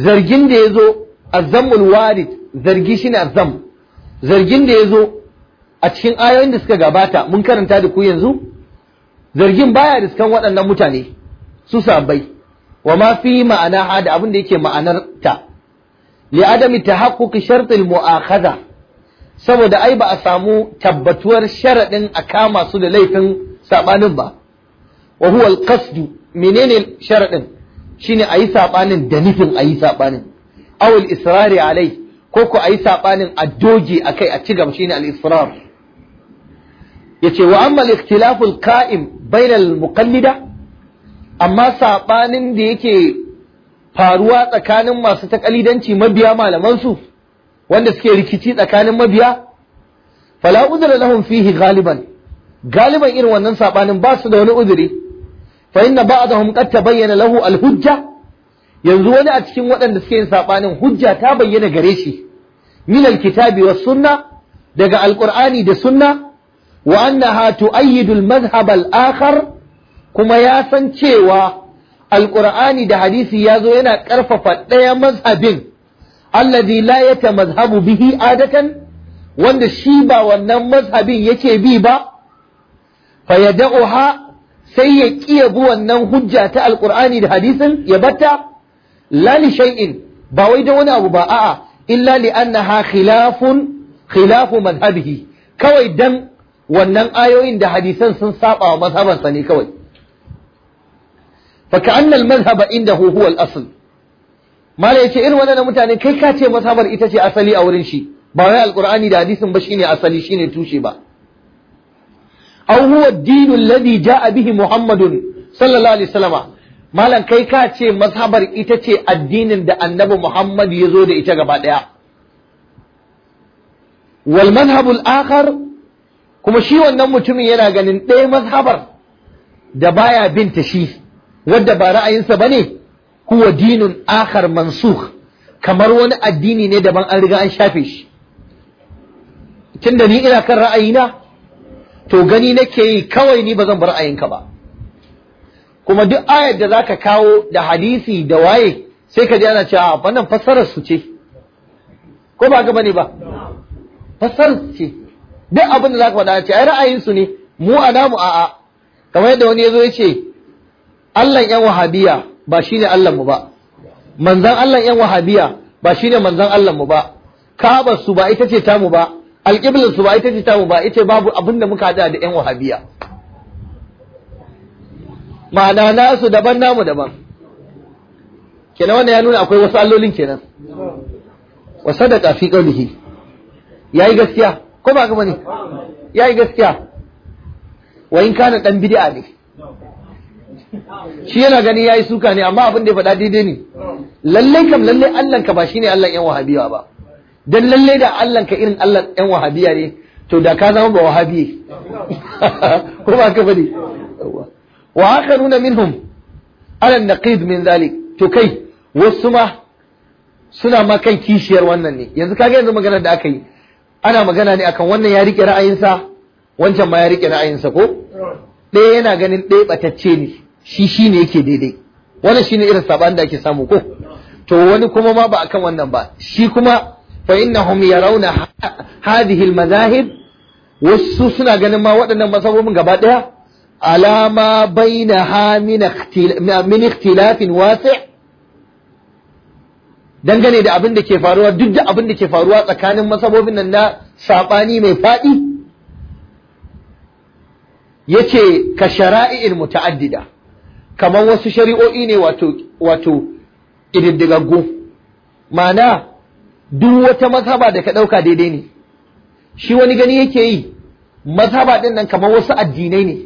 zargin da yazo az-zammu al-warid zargi shine az-zam zargin da ya zo a cikin ayoyin da suka gabata mun karanta da ku yanzu zargin baya riskan waɗannan mutane su sabai wa ma fi ma'ana da abin da yake ma'anar ta li adami tahaqquqi shart al saboda ai ba a samu tabbatuwar sharaɗin a kama su da laifin saɓanin ba wa huwa alqasdu menene sharaɗin shine ayi saɓanin da nufin ayi saɓanin awul israri alai ko ku ayi saɓanin a doge akai a ci gaba shine al-israr yace wa amma al-ikhtilafu al-qa'im amma saɓanin da yake faruwa tsakanin masu takalidanci mabiya malaman su wanda suke rikici tsakanin mabiya fala uzra lahum fihi galiban galiban irin wannan sabanin ba su da wani uzuri fa inna ba'dahum qad tabayyana lahu al-hujja yanzu wani a cikin waɗanda suke yin sabanin hujja ta bayyana gare shi min al-kitabi was sunna daga al da sunna wa annaha tu'ayyidu al-madhhab al-akhar kuma ya san cewa al da hadisi ya zo yana ƙarfafa ɗaya mazhabin alladhi la mazhabu bihi adatan wanda shi ba wannan mazhabin yake bi ba fa yad'uha sai ya kiya bu wannan hujja ta alqur'ani da hadisin ya batta la li shay'in ba wai da wani abu ba a'a illa li annaha khilafun khilafu madhhabihi kawai dan wannan ayoyin da hadisan sun saba wa mazhabansa ne kawai fa ka'anna al-madhhab indahu huwa al-asl mala ce irin waɗannan mutane kai ka ce masabar ita ce asali a wurin shi ba wai alqur'ani da hadisin ba shine asali shine tushe ba aw huwa ad-din alladhi ja'a bihi muhammadun sallallahu alaihi wasallama malam kai ka ce mazhabar ita ce addinin da annabi Muhammad ya zo da ita gaba ɗaya. Wal manhabul akhar kuma shi wannan mutumin yana ganin ɗaya mazhabar da baya binta shi wadda ba ra'ayinsa bane huwa dinun akhar mansukh kamar wani addini ne daban an riga an shafe shi tunda ni ina kan ra'ayina to gani nake yi kawai ni ba bar ra'ayinka ba kuma duk ayar da zaka kawo da hadisi da waye sai ka ji ana cewa ah, wannan fassarar su ce ko ba ga bane ba fassarar su ce duk abin da zaka faɗa ce ai ra'ayin su ne mu a namu a'a kamar yadda wani yazo ya ce Allah yan wahabiya ba shi ne mu ba manzan Allah yan wahabiya ba shi ne manzan Allahnmu mu ba kabar su ba ita ce tamu ba alƙiblar su ba ita ce tamu ba ita babu abin da muka hada da yan wahabiya ma'ana nasu daban namu daban kenan wannan ya nuna akwai wasu allolin kenan da ƙafi ƙaunihi. ya yi gaskiya ko ba ga Ya yi gaskiya wa in kana dan bid'a ne shi yana gani yi suka ne amma abin da ya faɗa daidai ne lalle kam lalle allan ka ba shine allan yan wahabiya ba dan lalle da allan ka irin allan yan wahabiya ne to da ka zama ba wahabi ko ba ka bane wa akharuna minhum ala naqid min zalik to kai wasu ma suna ma kan kishiyar wannan ne yanzu kaga yanzu magana da aka yi ana magana ne akan wannan ya rike ra'ayinsa wancan ma ya rike ra'ayinsa ko ɗaya yana ganin ɗaya ɓatacce ne shi shi ne yake daidai wannan shi ne irin saɓan da ake samu ko to wani kuma ma ba akan wannan ba shi kuma fa hum yarawna hadhihi al-madahib wasu suna ganin ma waɗannan masabobin gaba ɗaya alama ha min ikhtilafin wasi' dangane da abin da ke faruwa duk da abin da ke faruwa tsakanin masabobin nan na saɓani mai faɗi yace ka shara'i'il muta'addida kamar wasu shari'o'i ne wato wato ma'ana duk wata mazhaba da ka ɗauka daidai ne shi wani gani yake yi mazhaba ɗin nan kamar wasu addinai ne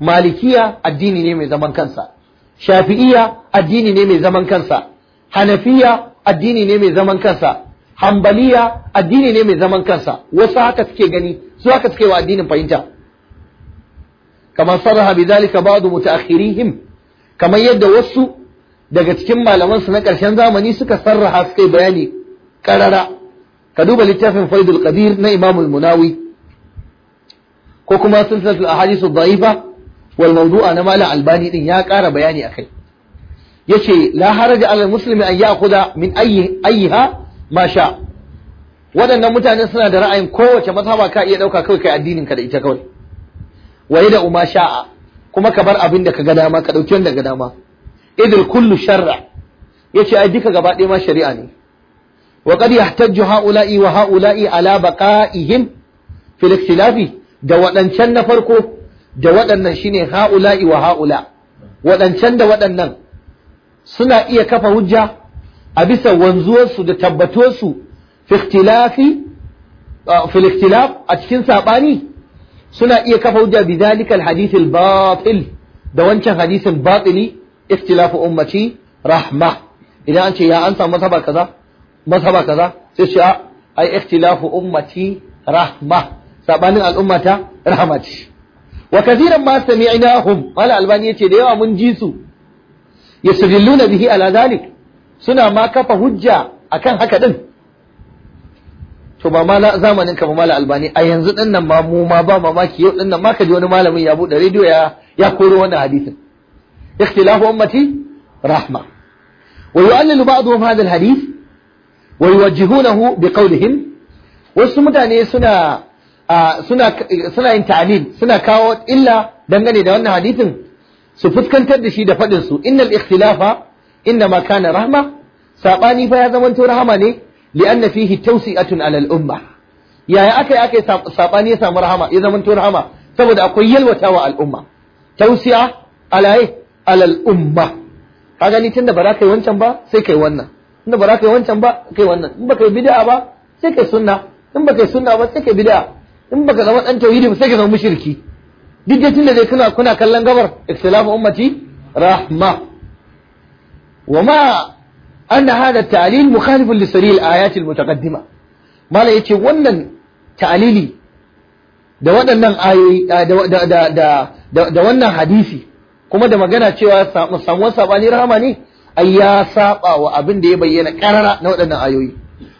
malikiya addini ne mai zaman kansa shafi'iya addini ne mai zaman kansa hanafiya addini ne mai zaman kansa hambaliya addini ne mai zaman kansa wasu haka suke gani su haka suke wa addinin fahimta kamar sarraha bi zalika ba'du mutaakhirihim kamar yadda wasu daga cikin malaman su na ƙarshen zamani suka sarraha suka yi bayani ƙarara, ka duba littafin faidul qadir na imamul munawi ko kuma silsilatul ahadithu dha'ifa daifa wal mawdu'a na malam albani din ya ƙara bayani akai yace la haraja ala muslimi an ya'khudha min ayyi ayyiha ma sha waɗannan mutane suna da ra'ayin kowace mazhaba ka iya ɗauka kawai kai addinin ka da ita kawai wa da uma sha'a kuma ka bar abin da ka ga dama ka dauki wanda ga dama idil kullu sharra yace ai duka gaba ɗaya ma shari'a ne wa qad yahtaju haula'i wa haula'i ala baqa'ihim fil ikhtilafi da wadancan na farko da waɗannan shine haula'i wa haula wadancan da waɗannan suna iya kafa hujja a bisa wanzuwarsu da tabbatuwarsu fi ikhtilafi fil ikhtilaf a cikin sabani suna iya kafa hujja bi zalikal hadithil batil da wancan hadisin batili ikhtilafu ummati rahma idan an ce ya an samu masaba kaza masaba kaza sai ce ai ikhtilafu ummati rahma sabanin al'ummata rahma ce wa kathiran ma sami'nahum wala albani yace da yawa mun ji su yastadilluna bihi ala zalik suna ma kafa hujja akan haka din to ba mala zamanin ka ba mala albani a yanzu din nan ma mu ma ba mamaki yau din nan ma kaji wani malamin ya bude rediyo ya ya koro wannan hadisin ikhtilafu ummati rahma wa yu'allilu ba'dhum hadha alhadith wa yuwajjihunahu biqawlihim wasu mutane suna suna suna yin ta'lil suna kawo illa dangane da wannan hadisin su fuskantar da shi da fadin su innal ikhtilafa inna ma kana rahma sabani fa ya zamanto rahama ne li'anna fihi tawsi'atun 'ala al-umma yaya aka yi aka yi ya samu rahama ya zama to rahama saboda akwai yalwatawa al'umma tawsi'a ala ala al-umma kaga ni tunda ba za wancan ba sai kai wannan tunda ba za wancan ba kai wannan in baka yi ba sai kai sunna in baka yi ba sai kai bid'a in baka zama dan tauhidi ba sai ka zama mushriki tunda dai kuna kuna kallon gabar ikhtilafu ummati rahma wa anna hada ta'lil a li mu ayatil mutaqaddima mala yace wannan ta'lili da waɗannan ayoyi da da da da wannan hadisi kuma da magana cewa samuwar sabani rahama ne ai ya saba wa abin da ya bayyana karara na waɗannan ayoyi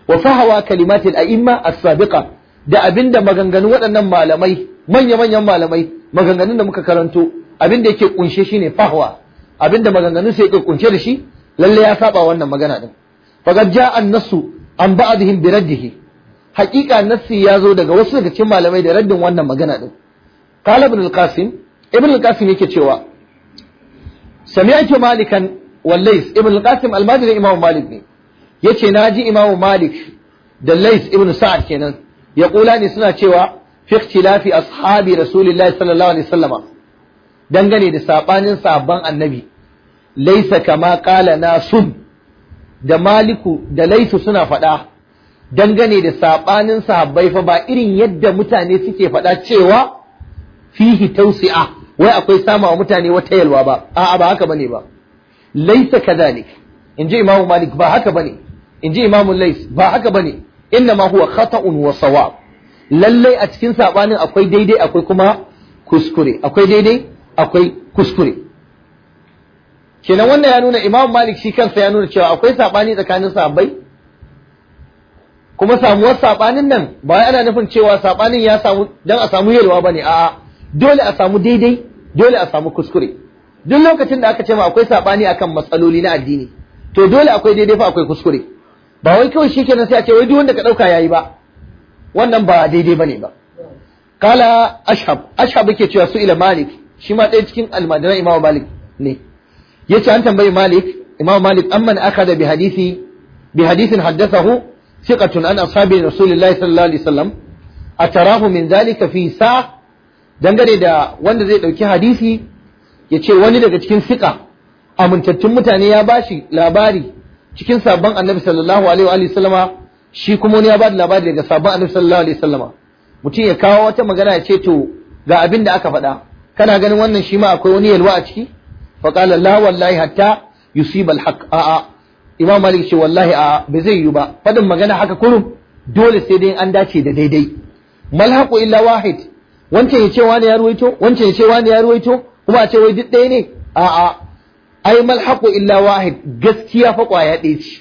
wa fahawa kalimatil a'imma as-sabiqa da abin da maganganu waɗannan malamai manya manyan malamai maganganun da muka karanto abin da yake kunshe shine fahwa Abinda da maganganun sai yake kunshe da shi lalle ya saba wannan magana din faqad jaa an-nassu an ba'dihim bi raddihi haqiqa nassi ya zo daga wasu daga cikin malamai da raddin wannan magana din qala ibn al-qasim ibn al-qasim yake cewa sami'tu malikan wal lays ibn al-qasim al-madini imam malik ne yace naji imam malik da lays ibn sa'ad kenan ya kula ne suna cewa fi ikhtilafi ashabi rasulillahi sallallahu alaihi wasallama dangane da sabanin sabban annabi laisa kama na nasun da maliku da laisu suna faɗa dangane da saɓanin sahabbai fa ba irin yadda mutane suke faɗa cewa fihi tausi'a wai akwai samawa mutane wata yalwa ba a'a ba haka bane ba laisa kadalik inji imamu malik ba haka bane inji imamu lais ba haka bane inna ma huwa khata'un wa sawab lallai a cikin saɓanin akwai daidai akwai kuma kuskure akwai daidai akwai kuskure kenan wannan ya nuna imam malik shi kansa ya nuna cewa akwai sabani tsakanin sahabbai kuma samuwar sabanin nan ba wai ana nufin cewa sabanin ya samu dan a samu yalwa bane a'a dole a samu daidai dole a samu kuskure duk lokacin da aka ce ma akwai sabani akan matsaloli na addini to dole akwai daidai fa akwai kuskure ba wai kawai shikenan sai a ce wai duk wanda ka dauka yayi ba wannan ba daidai bane ba kala ashab ashab yake cewa su ila malik shi ma ɗaya cikin almadana imam malik ne yace an tambayi malik imam malik amman da bi hadisi bi hadisin haddathahu thiqatun an ashabi rasulillahi sallallahu alaihi wasallam atarahu min zalika fi sa dangare da wanda zai dauki hadisi yace wani daga cikin thiqa amintattun mutane ya bashi labari cikin sabon annabi sallallahu alaihi wa sallama shi kuma wani ya ba da labari daga sabon annabi sallallahu alaihi sallama mutum ya kawo wata magana ya ce to ga abin da aka faɗa kana ganin wannan shi ma akwai wani yalwa a ciki fa la wallahi hatta yusiba al a a imam malik ce wallahi a ba zai yi ba fadin magana haka kurum dole sai dai an dace da daidai mal haqu illa wahid wancan ya ce wani ya ruwaito wancan ya ce wani ya ruwaito kuma a ce wai duk ɗaya ne a a ai mal haqu illa wahid gaskiya fa kwaya ɗaya ce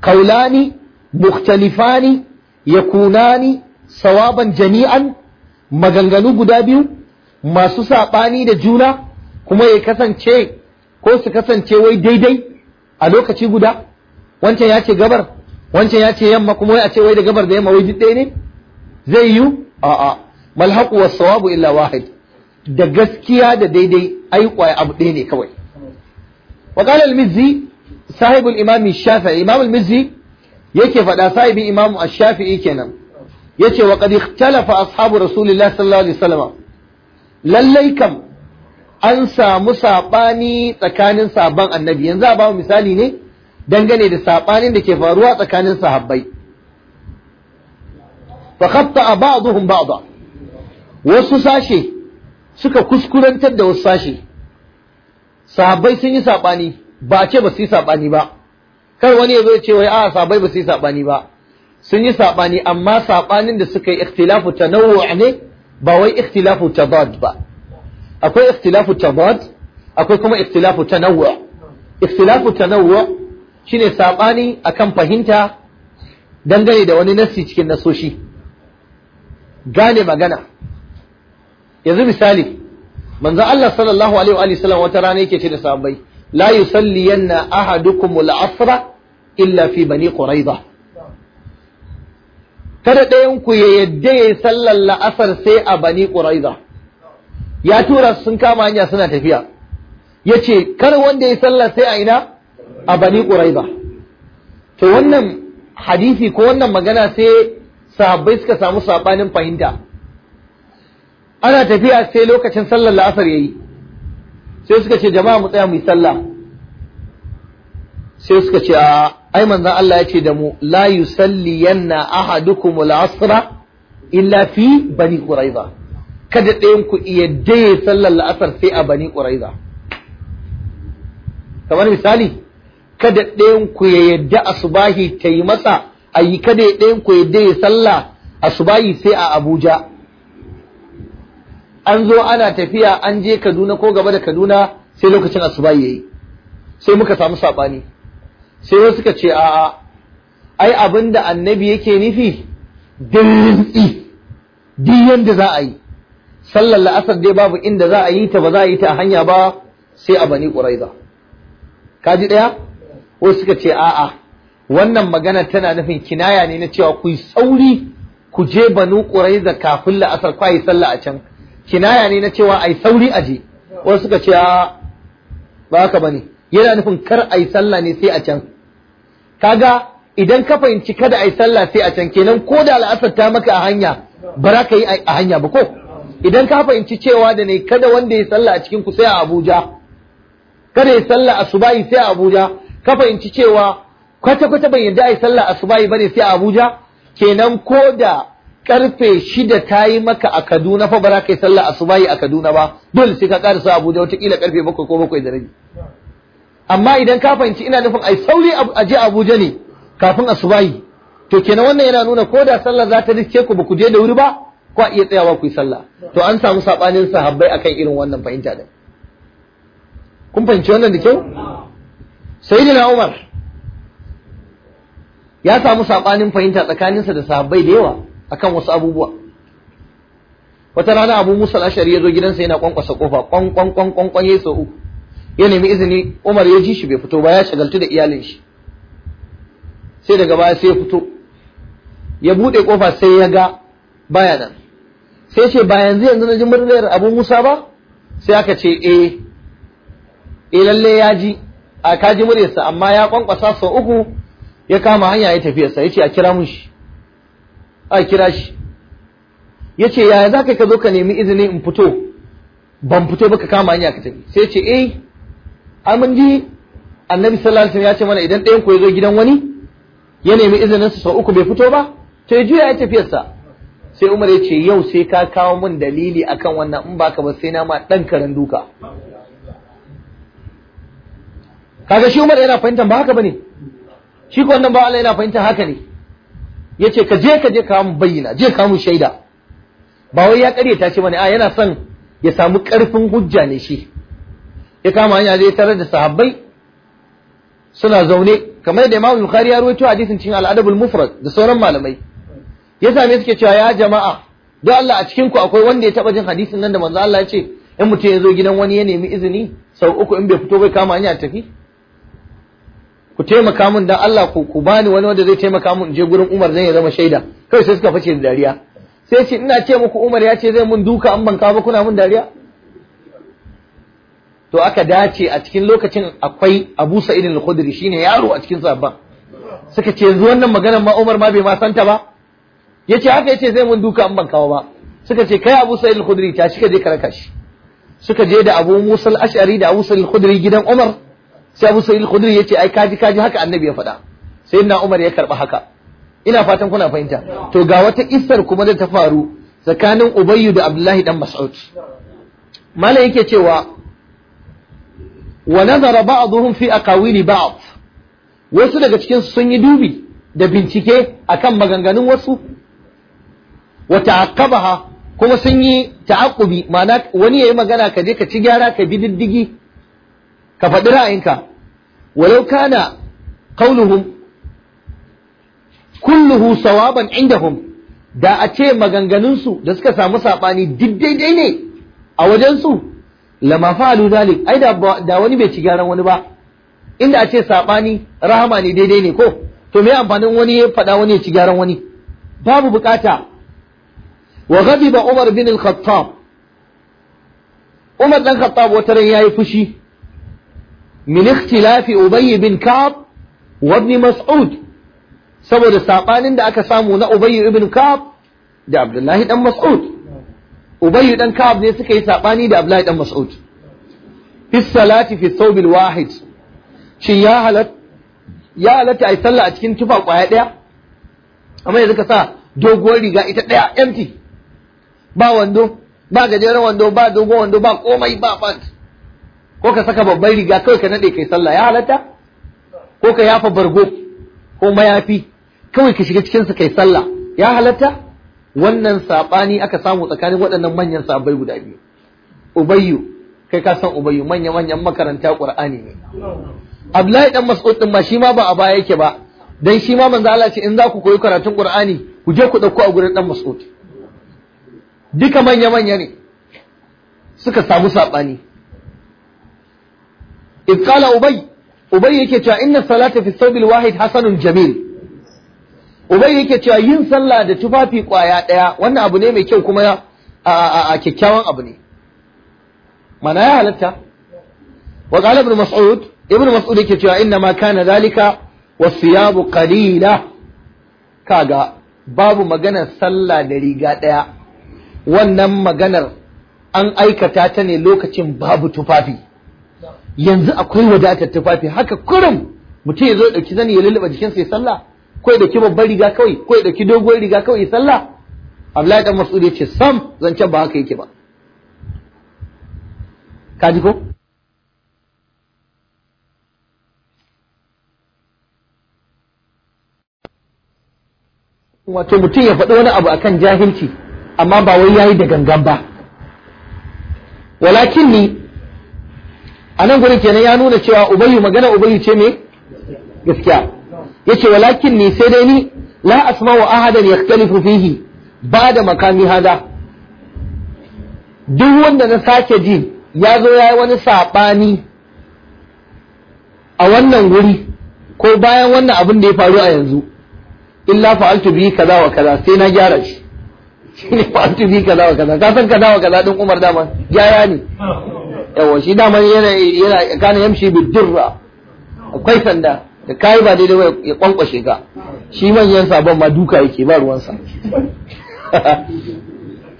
kaulani mukhtalifani yakunani sawaban jami'an maganganu guda biyu masu saɓani da juna kuma ya kasance ko su kasance wai daidai a lokaci guda wancan ya ce gabar wancan ya ce yamma kuma wai a ce wai da gabar da yamma wai duk ɗaya ne zai yiwu a'a malhaqu was sawabu illa wahid da gaskiya da daidai ai kwaya abu ɗaya ne kawai wa qala al-mizzi sahibu al-imam shafi'i imam al-mizzi yake faɗa sahibi imam ash-shafi'i kenan yace wa qad ikhtalafa ashabu rasulillahi sallallahu alaihi wasallam lallai kam an samu saɓani tsakanin sabon annabi yanzu a bamu misali ne dangane da saɓanin da ke faruwa tsakanin sahabbai fa khatta ba'dhum ba'da wasu sashe suka kuskurantar da wasu sashe sahabbai sun yi saɓani ba ce ba su yi saɓani ba kar wani ya zo ce wai a sahabbai ba su yi saɓani ba sun yi saɓani amma saɓanin da suka yi ikhtilafu tanawwu' ne ba wai ikhtilafu tadad ba akwai ikhtilafu tabad akwai kuma ikhtilafu tanawwu ikhtilafu tanawwu shine sabani akan fahimta dangane da wani nassi cikin nasoshi gane magana yanzu misali manzo Allah sallallahu alaihi wa sallam wata rana yake ce da sahabbai la yusalliyanna ahadukum al-asra illa fi bani quraidah kada ɗayan ku ya yadda ya yi sallar la'asar sai a bani ƙuraiza ya tura su sun kama hanya suna tafiya Ya ce kar wanda ya sallah sai a ina a bani quraiza to wannan hadisi ko wannan magana sai sahabbai suka samu saɓanin fahimta ana tafiya sai lokacin sallar la'asar ya yi. sai suka ce jama'a mu tsaya mu yi sallah sai suka ce a ai manzon Allah ya ce da mu la yusalliyanna ahadukum al-asra illa fi bani quraiza kada ɗayan ku iya daya sallar la'asar sai a bani ƙuraiza kamar misali kada ɗayan ku ya yadda asubahi ta yi masa a yi kada ɗayan ku ya daya sallah asubahi sai a abuja an zo ana tafiya an je kaduna ko gaba da kaduna sai lokacin asubahi ya yi sai muka samu saɓani sai wasu suka ce a'a ai abin da annabi yake nufi dirintsi duk yadda za a yi sallar la'asar dai babu inda za a yi ta ba za a yi ta a hanya ba sai a bani ƙuraiza kaji ɗaya wasu suka ce a'a wannan magana tana nufin kinaya ne na cewa ku yi sauri ku je banu ƙuraiza kafin la'asar kwa yi sallah a can kinaya ne na cewa a yi sauri a je wasu suka ce a, ba haka ne. yana nufin kar a yi sallah ne sai a can kaga idan ka fahimci kada a yi sallah sai a can kenan ko da la'asar ta maka a hanya ba ka yi a hanya ba ko idan ka fahimci cewa da ne kada wanda ya sallah a cikin ku sai a Abuja kada ya sallah a Subai sai a Abuja ka fahimci cewa kwata kwata ban yadda ai sallah a Subai bane sai a Abuja kenan ko da karfe shida ta yi maka a Kaduna fa ba za ka yi sallah asubahi a Kaduna ba dole sai ka karasa Abuja wataƙila karfe bakwai ko bakwai da rabi amma idan ka fahimci ina nufin ai sauri a je Abuja ne kafin a Subai to kenan wannan yana nuna ko da sallah za ta rike ku ba ku je da wuri ba ko a iya tsayawa ku yi sallah to an samu sabanin sahabbai akan irin wannan fahimta din kun fahimci wannan da kyau sayyidina Umar ya samu sabanin fahimta tsakaninsa da sahabbai da yawa akan wasu abubuwa wata rana Abu Musa al-Ashari ya zo gidansa yana kwankwasa kofa kwan kwan kwan kwan kwan yayi sau ya nemi izini Umar ya ji shi bai fito ba ya shagaltu da iyalin shi sai daga baya sai ya fito ya bude kofa sai ya ga bayanan. sai ce ba yanzu yanzu na ji murnar abu musa ba sai aka ce eh eh lalle ya ji a ka ji muryarsa amma ya kwankwasa sau uku ya kama hanya ya tafiyarsa ya ce a kira mun shi a kira shi ya ce yaya za ka zo ka nemi izini in fito ban fito ba ka kama hanya ka tafi sai ce eh amin ji annabi sallallahu alaihi ya ce mana idan ɗayan ku ya zo gidan wani ya nemi izinin sa sau uku bai fito ba to ya juya ya tafiyarsa sai Umar ya ce yau sai ka kawo min dalili akan wannan in baka ba sai na ma dan karan duka kaga shi Umar yana fahimtar ba haka bane shi ko wannan ba Allah yana fahimtar haka ne yace ka je ka je ka mun bayyana je ka mun shaida ba wai ya kare ta ce bane a yana son ya samu karfin hujja ne shi ya kama hanya zai tarar da sahabbai suna zaune kamar da Imam Bukhari ya rawaito hadisin cikin Al-Adabul Mufrad da sauran malamai ya same suke cewa ya jama'a don Allah a cikin ku akwai wanda ya taba jin hadisin nan da manzo Allah ya ce in mutum ya zo gidan wani ya nemi izini sau uku in bai fito bai kama hanya tafi ku taimaka min dan Allah ku ku bani wani wanda zai taimaka min in je gurin Umar zan ya zama shaida kai sai suka fice da dariya sai ce ina ce muku Umar ya ce zai mun duka an banka ba kuna mun dariya to aka dace a cikin lokacin akwai Abu Sa'id al-Khudri shine yaro a cikin sahabban suka ce yanzu wannan maganar ma Umar ma bai ma santa ba Ya ce haka ya ce zai mun duka an ban kawo ba suka ce kai Abu Sa'id al-Khudri ta shi ka je karaka shi suka je da Abu Musa al-Ash'ari da Abu Sa'id khudri gidan Umar sai Abu Sa'id al-Khudri ce ai kaji kaji haka annabi ya faɗa na Umar ya karɓa haka ina fatan kuna fahimta to ga wata kissar kuma da ta faru tsakanin Ubayyu da Abdullahi dan Mas'ud malam yake cewa wa nazara ba'dhum fi aqawili ba'd wasu daga cikin sun yi dubi da bincike akan maganganun wasu wa ta'aqqabaha kuma sun yi ta'aqubi ma'ana wani yayi magana ka je ka ci gyara ka bi diddigi ka faɗi ra'ayinka walau kana qauluhum kulluhu sawaban indahum da a ce maganganunsu da suka samu sabani diddai-dai ne a wajen su lama fa'alu zalik ai da wani bai ci gyaran wani ba inda a ce saɓani rahama ne daidai ne ko to me amfanin wani ya faɗa wani ya ci gyaran wani babu bukata wa ghadiba Umar bin al-Khattab Umar dan Khattab wata ran yayi fushi min ikhtilafi Ubay bin Ka'ab wa Mas'ud saboda saɓanin da aka samu na Ubay ibn Ka'ab da Abdullahi dan Mas'ud Ubay dan Ka'ab ne suka yi saɓani da Abdullahi dan Mas'ud fi salati fi thawb al-wahid shin ya halatta ya halatta ai sallah a cikin tufa kwaya ɗaya? amma yanzu ka sa doguwar riga ita daya empty ba wando ba gajeren wando ba dogon wando ba komai ba pant ko ka saka babban riga kawai ka nade kai sallah ya halatta ko ka yafa bargo ko mayafi kawai ka shiga cikin sa kai sallah ya halatta wannan sabani aka samu tsakanin waɗannan manyan sabai guda biyu ubayyu kai ka san ubayyu manya manyan makaranta qur'ani ne abdullahi dan mas'ud din ma shi ma ba a baya yake ba dan shi ma manzo Allah ce in za ku koyi karatun qur'ani ku je ku dauko a gurin dan mas'ud duka manya-manya ne suka samu saɓani ibkala ubai ubai yake cewa inna salata fi saubil wahid hasanun jamil ubai yake cewa yin sallah da tufafi kwaya ɗaya wannan abu ne mai kyau kuma a kyakkyawan abu ne mana ya halatta wa qala ibn mas'ud ibn mas'ud yake cewa inna ma kana zalika wasiyabu qalila kaga babu maganar sallah da riga ɗaya wannan maganar an aikata ta ne lokacin babu tufafi yanzu akwai wadatar tufafi haka kurum mutum ya zo ya ɗauki zani ya lulluɓa jikinsa ya sallah ko ya ɗauki babbar riga kawai ko ya ɗauki doguwar riga kawai ya sallah Abdullahi dan Mas'ud ce sam zancen ba haka yake ba ji ko wato mutum ya faɗi wani abu akan jahilci amma ba wai yayi da gangan ba walakin ni a nan kenan ya nuna cewa ubayyu magana ubayyu ce me gaskiya yace walakin ni sai dai ni la wa ahadan yakhtalifu fihi ba da makami hada duk wanda na sake ji ya zo ya yi wani saɓani a wannan wuri ko bayan wannan abin da ya faru a yanzu illa fa'altu bi kaza wa kaza sai na gyara shi shine fa an tubi kaza wa kaza ka san kaza wa kaza din Umar dama jaya ne yawa shi dama yana yana kana yamshi durra akwai sanda da kai ba daidai ba ya kwankwashe ka shi manyan sabon ma duka yake ba ruwan sa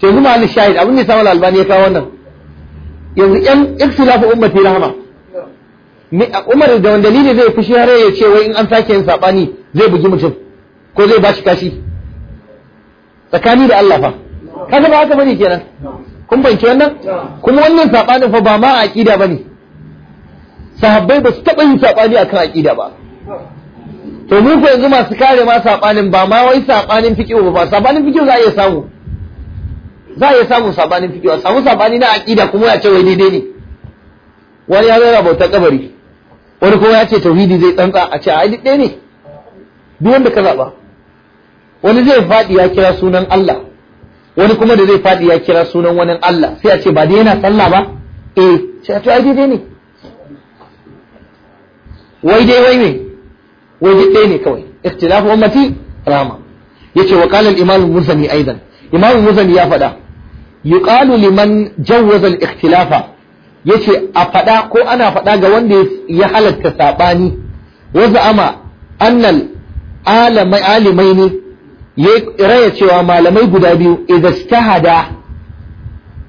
to kuma al shahid abin da samal albani ya kawo wannan yanzu yan ikhtilafu ummati rahma Umar da wanda dalili zai fushi har ya ce wai in an sake yin sabani zai bugi mutum ko zai bashi kashi tsakani da Allah fa kaga ba haka bane kenan kun banki wannan kuma wannan sabanin fa ba ma aqida bane sahabbai ba su taba yin sabani akan aqida ba to mu ko yanzu masu kare ma sabanin ba ma wai sabanin fiqh ba sabanin fiqh za a iya samu za a iya samu sabanin fiqh a samu sabani na aqida kuma ya ce wai daidai ne wani ya zara bautar kabari wani kuma ya ce tauhidi zai tsantsa a ce a ɗaya ne duk wanda ka zaba wani zai faɗi ya kira sunan Allah wani kuma da zai faɗi ya kira sunan wani Allah sai a ce ba dai yana sallah ba eh sai to ai daidai ne wai dai wai ne wai dai ne kawai ikhtilafu ummati rama yace wa qala al-imam muzani aidan imam muzani ya faɗa yuqalu liman jawwaza al-ikhtilafa yace a faɗa ko ana faɗa ga wanda ya halatta sabani wa za'ama annal alamai alimai ne ya raya cewa malamai guda biyu istahada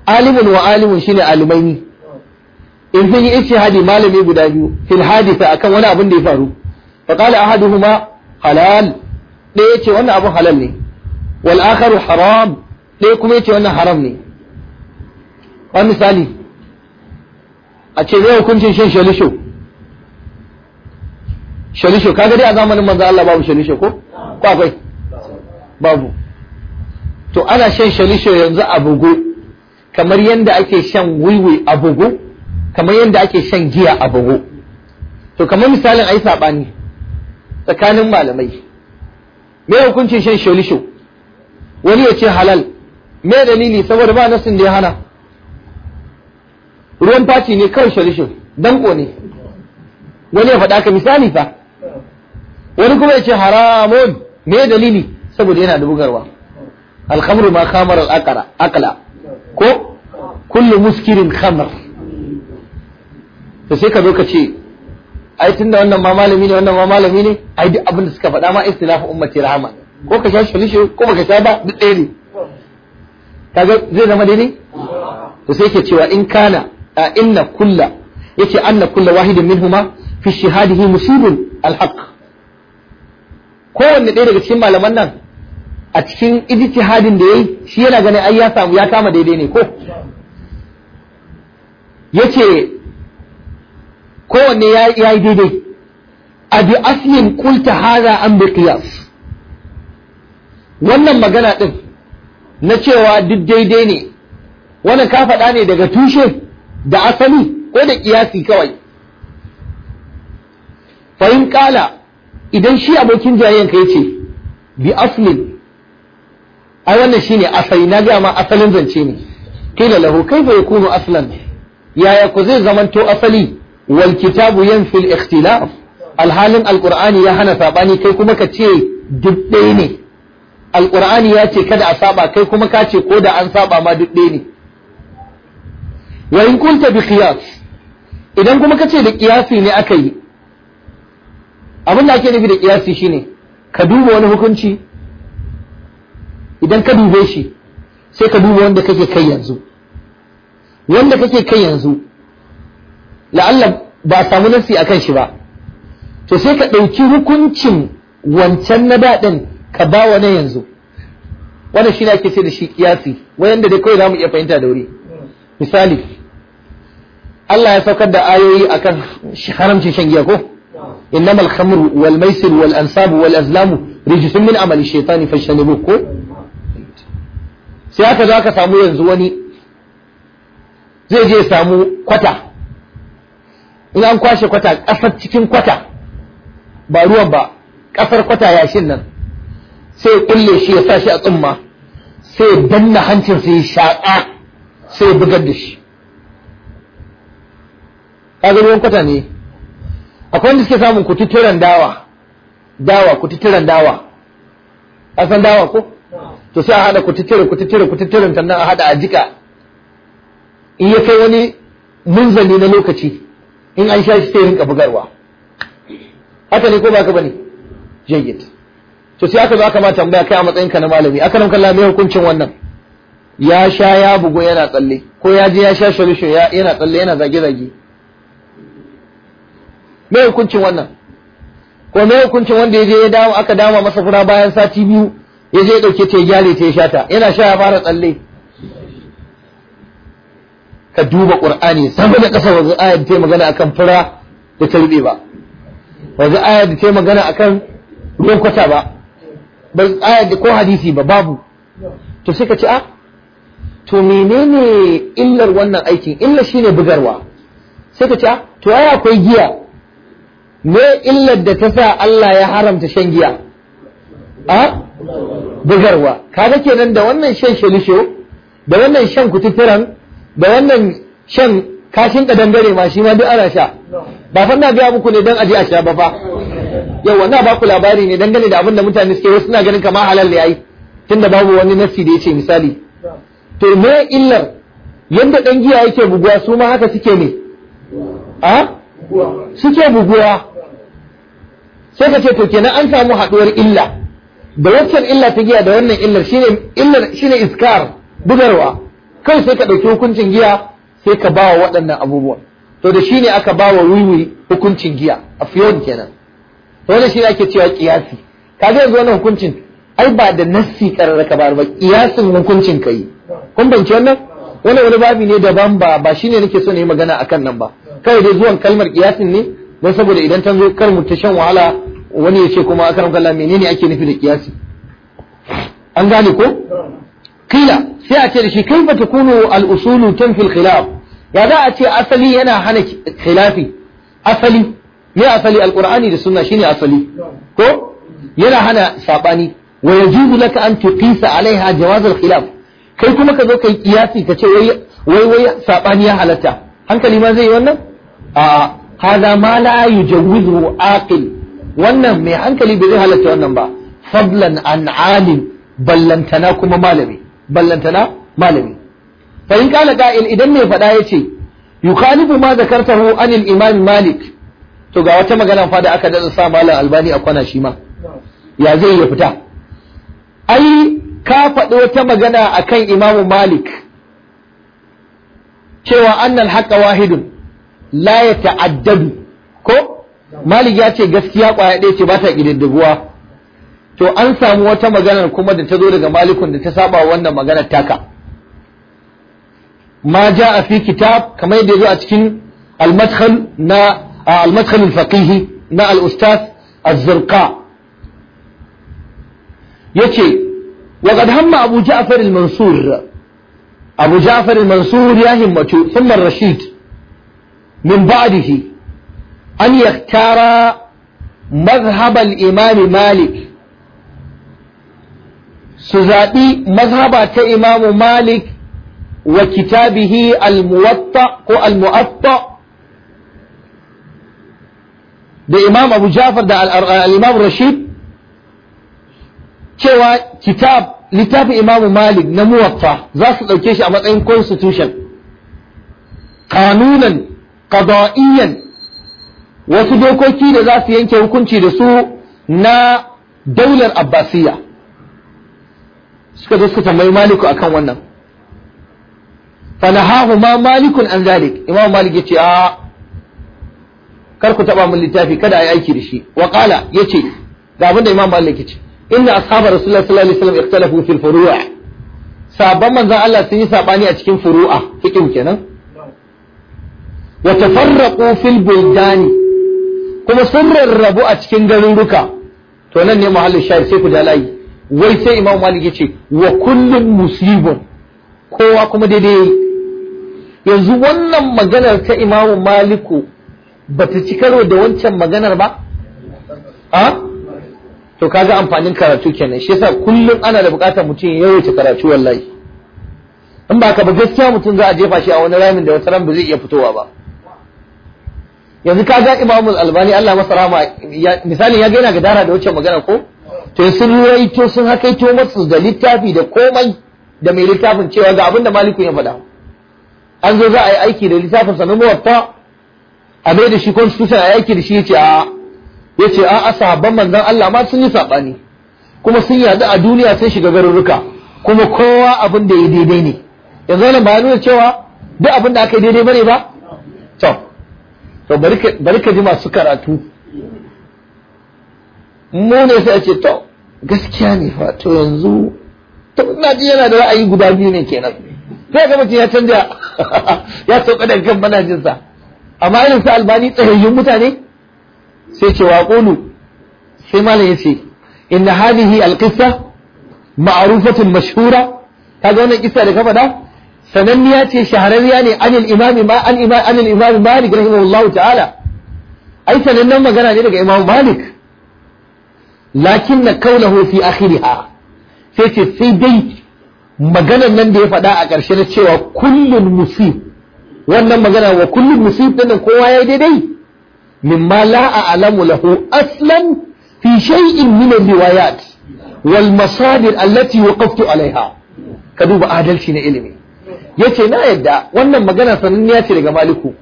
alimun wa alimun shine alimaini in sun yi hadi malami guda biyu fil hadisa akan wani abin da ya faru fa qala ahaduhuma halal ɗaya yace wannan abin halal ne wal akharu haram ɗaya kuma yace wannan haram ne wani misali a ce zai hukuncin shan shalisho shalisho kaga dai a zamanin manzo Allah babu shalisho ko ko akwai babu to ana shan shalisho yanzu a bugu kamar yadda ake shan wiwi a bugu kamar yadda ake shan giya a bugu to kamar misalin ai saɓani tsakanin malamai me hukuncin shan shalisho wani ya ce halal me dalili saboda ba nasin da ya hana ruwan faci ne kawai shalisho danko ne wani ya faɗa ka misali fa wani kuma ya ce haramun me dalili saboda yana da bugarwa alkhamru ma kamar al-aqra aqla ko kullu muskirin khamr sai ka zo ka ce ai tunda wannan ma malami ne wannan ma malami ne ai duk abin da suka faɗa ma istilafu ummati rahama ko ka sha shi ko baka sha ba duk ɗaya ne kaga zai zama daidai to sai ke cewa in kana a inna kulla yace anna kulla wahidin minhuma fi shihadihi musibun alhaq kowanne ɗaya daga cikin malaman nan a cikin ijtihadin da yayi shi yana ganin ai ya samu ya kama daidai ne ko yace kowanne ya yi daidai a bi aslin qulta hadha an bi qiyas wannan magana din na cewa duk daidai ne wannan ka faɗa ne daga tushe da asali ko da kiyasi kawai Fahimkala idan shi abokin jayayyanka ya ce bi aslin ai wannan shine asali na ga ma asalin zance ne kila lahu kaifa yakunu aslan yaya ku zai zamanto asali wal kitabu yanfi al ikhtilaf alhalin qur'ani ya hana sabani kai kuma ka ce duk ɗaya ne qur'ani ya ce kada a saba kai kuma ka ce ko da an saba ma duk ɗaya ne wa in kunta bi qiyas idan kuma ka ce da qiyasi ne aka yi abin da ake nufi da qiyasi shine ka duba wani hukunci idan ka dube shi sai ka duba wanda kake kai yanzu wanda kake kai yanzu la'alla ba a samu nasi akan shi ba to sai ka ɗauki hukuncin wancan na daɗin ka ba wa na yanzu wannan shi ne ake ce da shi kiyasi wanda dai kawai za mu iya fahimta da wuri misali Allah ya saukar da ayoyi akan haramcin shan giya ko innamal khamru wal maisir wal ansabu wal azlamu rijsun min amali shaytani fashanibu ko sai aka zo aka samu yanzu wani zai je samu kwata in an kwashe kwata ƙasar cikin kwata ba ruwan ba ƙasar kwata yashin nan sai kulle shi ya sa shi a tsumma sai danna hancin sai ya shaƙa sai bugar da shi kaga ruwan kwata ne akwai wanda suke samun kututturen dawa dawa kututturen dawa san dawa ko to sai a hada ku kututturin kututturin nan a hada a jika in ya kai wani munzali na lokaci in an sha shi sai rinka bugarwa haka ne ko ba ka bane jayyid to sai aka zo aka ma tambaya kai a matsayin ka na malami aka nan kallon mai hukuncin wannan ya sha ya bugu yana tsalle ko ya je ya sha solution yana tsalle yana zage zage mai hukuncin wannan ko mai hukuncin wanda ya je ya dawo aka dama masa fura bayan sati biyu ya zai ɗauki ta gyale ta ya shata yana sha ya fara tsalle ka duba ƙur'ani sama da ƙasa wanzu ayar ta magana akan fura da ta ba wanzu ayar da ta magana akan ruwan kwata ba ba ayar da ko hadisi ba babu to sai ka ci a ah, to menene illar wannan aikin illar shine bugarwa sai ka ci a ah, to ai akwai giya me illar da ta sa Allah ya haramta shan giya a ah? bugarwa kaga kenan da wannan shan shelisho da wannan shan kutufiran da wannan shan kashin kadangare ma shi ma duk ana sha ba fa na ga muku ne dan aje a sha ba fa Yau wannan ba ku labari ne dangane da abin da mutane suke wasu suna ganin kamar halal ne yayi tunda babu wani nafsi da yace misali to me illar yadda dan giya yake buguwa su ma haka suke ne a ah? suke buguwa sai ka ce to kenan an samu haduwar illa da waccan illa ta giya da wannan illar shine illar shine iskar bugarwa kai sai ka ɗauki hukuncin giya sai ka bawa waɗannan abubuwan to da shine aka bawa wiwi hukuncin giya a fiyon kenan to wannan shine ake cewa kiyasi kaga yanzu wannan hukuncin ai ba da nassi karara ka ba kiyasin hukuncin kai kun bance wannan wannan wani babi ne daban ba ba shine nake so na yi magana akan nan ba kawai dai zuwan kalmar kiyasin ne don saboda idan ta zo kar mu ta shan wahala wani ya ce kuma akaram kalla menene ake nufi da kiyasi an gane ko kila sai a ce da shi kaifa takunu al usulu tanfi al khilaf ya za a ce asali yana hana khilafi asali ne asali alqur'ani da sunna shine asali ko yana hana sabani wa yajuzu laka an tuqisa alaiha jawaz al khilaf kai kuma ka zo kai kiyasi ka ce wai wai wai sabani ya halatta hankali ma zai yi wannan a hada ma la yujawizu aqil wannan mai hankali bai zai halatta wannan ba fadlan an alim ballantana kuma malami ballantana malami fa in kana qa'il idan mai fada yace yukhalifu ma zakartahu an al-imam malik to ga wata magana fa da aka da sa malam albani a kwana shi ma ya zai ya fita ai ka faɗi wata magana akan imamu malik cewa annal haqqa wahidun la yata'addadu ko malik ya ce gaskiya kwaya ɗaya ce ba ta ƙididdiguwa. to an samu wata maganar kuma da ta zo daga malikun da ta saba wannan maganar taka ma ja a fi kitab kamar yadda zo a cikin almadkhal na almadkhal alfaqih na al-ustaz az-zurqa yace wa qad hamma abu ja'far al-mansur abu ja'far al-mansur ya himmatu thumma ar-rashid min ba'dihi أن يختار مذهب الإمام مالك سزادي مذهب الإمام مالك وكتابه الموطأ أو المؤطأ لإمام أبو جعفر الإمام رشيد شوى كتاب لتاب إمام مالك نموطة ذات الأوكيش أمد أين كونستوشن قانونا قضائيا wasu dokoki da za su yanke hukunci da su na daular abbasiya suka zo suka tambayi maliku akan wannan fanahahu ma malikun an zalik imam malik yace a kar ku taba min littafi kada ayi aiki da shi wa qala yace ga abinda imam malik yace inna ashabar rasulullahi sallallahu alaihi wasallam ikhtalafu fil furu'a sabban manzon Allah sun yi sabani a cikin furu'a fikin kenan wa tafarraqu fil buldani kuma sun rarrabu a cikin garuruka to nan ne muhallin shahid sai ku da layi wai sai imam malik yace wa kullum musibun kowa kuma daidai yanzu wannan maganar ta imam maliku bata ci karo da wancan maganar ba a to kaga amfanin karatu kenan shi yasa kullum ana da bukatar mutum ya yawaita karatu wallahi in ba ka ba gaskiya mutum za a jefa shi a wani ramin da wata ran ba zai iya fitowa ba yanzu ka ga Imam albani Allah masa rahama misali ya ga yana da wuce magana ko to sun to sun to masu da littafi da komai da mai littafin cewa ga abinda Maliku ya faɗa an zo za a yi aiki da littafin sa na muwatta a mai da shi constitution a yi aiki da shi yace a yace a sahabban manzon Allah ma sun yi sabani kuma sun yadu a duniya sai shiga garuruka kuma kowa abin da ya daidai ne yanzu wannan ba nuna cewa duk abinda aka yi daidai bane ba to to bari ka ji masu karatu mu ne sai a ce to gaskiya ne fa to yanzu to na ji yana da ra'ayi guda biyu ne kenan sai ga mutum ya canja ya sauka daga kan manajinsa amma irin su albani tsayayyun mutane sai ce wa sai malam ya ce inna hadhihi alqissa ma'rufatun mashhura ga wannan kissa da ka faɗa sananniya ce shahararriya ne anil imami ma an imami anil imami malik rahimahullahu ta'ala ai sanannen magana ne daga imam malik lakin na kaulahu fi akhiriha sai ce sai dai maganan nan da ya faɗa a ƙarshe na cewa kullun musib wannan magana wa kullun musib din kowa yayi daidai mimma la a'lamu lahu aslan fi shay'in min riwayat wal masadir allati waqaftu alaiha ka duba adalci na ilimi ya ce na yadda wannan magana sananniya ce daga maliku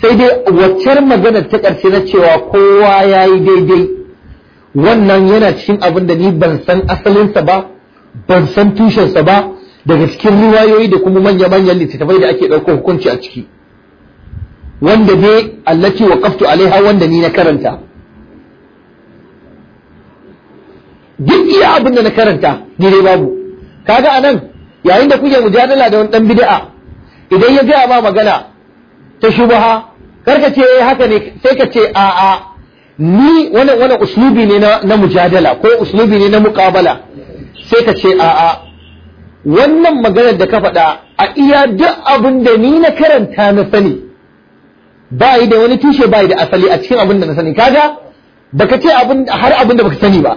sai dai waccan magana ta ƙarshe na cewa kowa ya yi daidai wannan yana cikin abin da ni ban san asalinsa ba ban san tushensa ba daga cikin riwayoyi da kuma manya-manyan littattafai da ake ɗauko hukunci a ciki wanda dai allati wa kaftu alaiha wanda ni na karanta duk iya abin da na karanta ni dai babu kaga anan yayin da kuke mujadala da wani dan bid'a idan ya gaya ma magana ta shubha karka ce eh, haka ne sai ka ce a a ni wannan wannan uslubi ne na, na mujadala ko uslubi ne na muqabala sai ka ce a a wannan maganar da ka faɗa a iya duk abin da ni na karanta na sani ba yi da wani tushe ba yi da asali a cikin abin da na sani kaga baka ce abin har abin da baka sani ba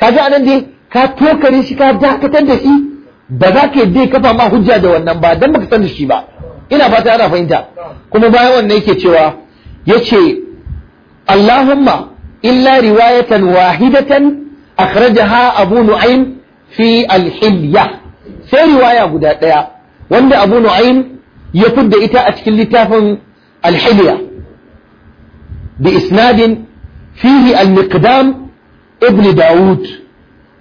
kaga anan dai ka tokare shi ka dakatar da shi ba za ka yadda kafa ma hujja da wannan ba dan baka san da shi ba ina fata ana fahimta kuma bayan wannan yake cewa yace Allahumma illa riwayatan wahidatan akhrajaha Abu Nu'aym fi al-Hilya sai riwaya guda daya wanda Abu Nu'aym ya fidda ita a cikin littafin al-Hilya bi isnadin fihi al-Miqdam ibn Dawud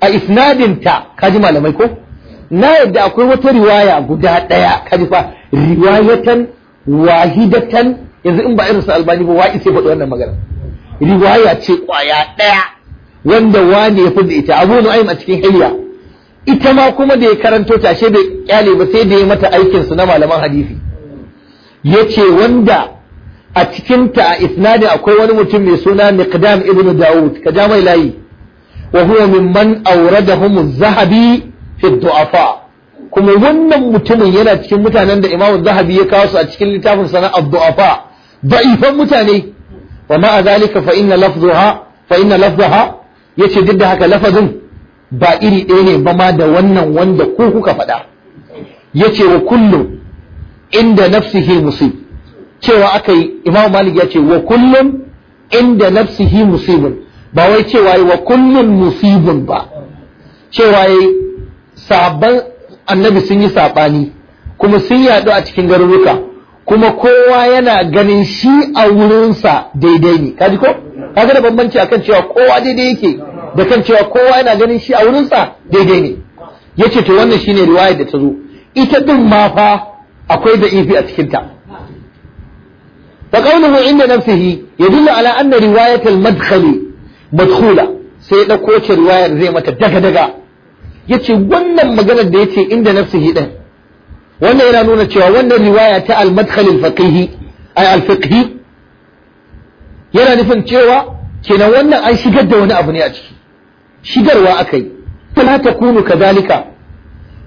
a isnadin ta kaji malamai ko na yadda akwai wata riwaya guda ɗaya ƙarfa riwayatan wahidatan yanzu in ba irin su albani ba wa'i sai faɗi wannan magana riwaya ce ƙwaya ɗaya wanda wani ya fada ita abu nu'aym a cikin hiliya ita ma kuma da ya karanto ta she bai kyale ba sai da ya mata aikin su na malaman hadisi yace wanda a cikin ta a isnadin akwai wani mutum mai suna Miqdam ibn Dawud ka ja mai layi wa huwa mimman awradahum az-zahabi fi du'afa kuma wannan mutumin yana cikin mutanen da Imam Zahabi ya kawo su a cikin littafin sana ad ba'ifan mutane wa ma'a zalika fa inna lafzuha fa inna lafzaha yace duk da haka lafazin ba iri ɗaya ne ba ma da wannan wanda ku kuka faɗa yace wa kullum inda nafsihi musib cewa aka yi Imam Malik ya ce wa kullum inda nafsihi musibun ba wai cewa wa kullum musibun ba cewa sahabban annabi sun yi saɓani kuma sun yaɗu a cikin garuruka kuma kowa yana ganin shi a wurinsa daidai ne kaji ko kaga da bambanci akan cewa kowa daidai yake da kan cewa kowa yana ganin shi a wurinsa daidai ne yace to wannan shine riwaya da ta zo ita din ma fa akwai da ifi a cikin ta fa qawluhu inda nafsihi yadullu ala anna riwayat al-madkhali madkhula sai da ce riwayar zai mata daga daga yace wannan maganar da ya ce inda nafsihi din wannan yana nuna cewa wannan riwaya ta al-madkhal al-faqihi ay al-fiqhi yana nufin cewa kenan wannan an shigar da wani abu ne a ciki shigarwa akai fala takunu kadhalika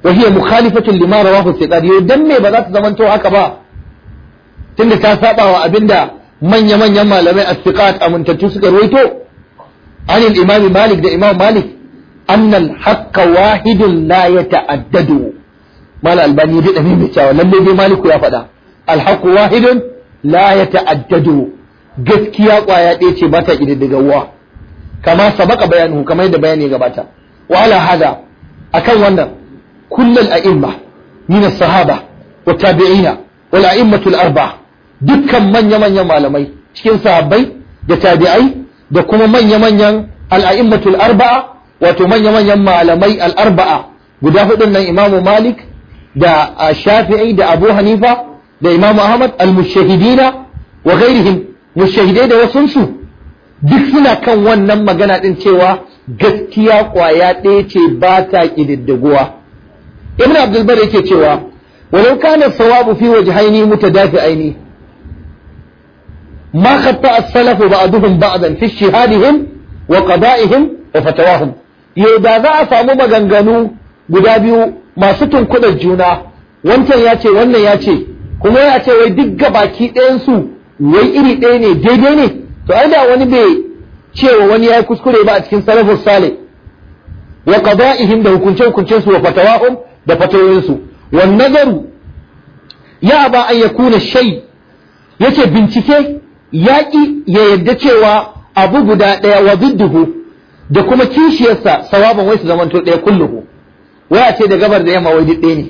wa hiya mukhalifatun lima rawahu thiqat yau dan me ba za ta zamanto haka ba tunda ta saba wa abinda manya manyan malamai as-thiqat amintattu suka ruwaito an al-imam malik da imam malik annal hakka wahidun la ya ta'addadu mala albani dai da mai cewa lalle dai maliku ya faɗa Alhaku wahidun la ya ta'addadu gaskiya ƙwaya ɗaya ce ba ta ƙididdigawa kama sabaka bayanu kamar da bayani gabata wa ala hada akan wannan kullal a'imma nina sahaba wa tabi'ina wal a'immatul arba'a dukkan manya-manyan malamai cikin sahabbai da tabi'ai da kuma manya-manyan al'a'immatul arba'a wato manya-manyan malamai al'arba'a guda hudun nan imamu malik da shafi'i da abu hanifa da imamu ahmad al-mushahidina wa ghairihim mushahidai da wasunsu duk suna kan wannan magana din cewa gaskiya kwaya ɗaya ce ba ta ƙididdigowa ibn abdulbar yake cewa walau kana sawabu fi wajhaini mutadafi'aini ما خطأ ba بعضهم بعضا wa اجتهادهم wa fatawahum yau da za a samu maganganu guda biyu masu tunkuɗar juna wancan ya ce wannan ya ce kuma ya ce wai duk gabaki ɗayansu wai iri ɗaya ne daidai ne to ai da wani bai cewa wani ya yi kuskure ba a cikin salafus sale wa qada'ihim da hukunce hukuncen su wa fatawahum da fatawoyin su wan nazaru ya ba an yakuna shay yace bincike yaƙi ya yarda cewa abu guda ɗaya wa zidduhu da kuma kishiyarsa sawaban wai su zamanto ɗaya kulluhu a ce da gabar da yamma wai duk ɗaya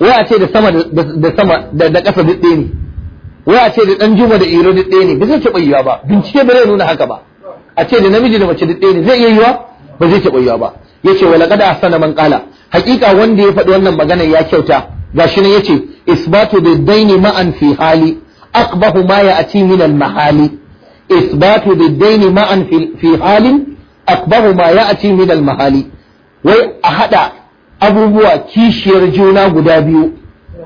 ne a ce da sama da sama da ƙasa duk ɗaya ne a ce da ɗan juma da iro duk ɗaya ne ba zai taɓa yiwa ba bincike ba zai nuna haka ba a ce da namiji da mace duk ɗaya ne zai iya yiwa ba zai taɓa yiwa ba yace wala qad asana man ƙala hakika wanda ya faɗi wannan magana ya kyauta gashi nan yace isbatu da daini ma'an fi hali aqbahu ma ya'ti min al-mahali isbatu da daini ma'an fi halin akbahu ma ya'ti min al-mahali wai a hada abubuwa kishiyar juna guda biyu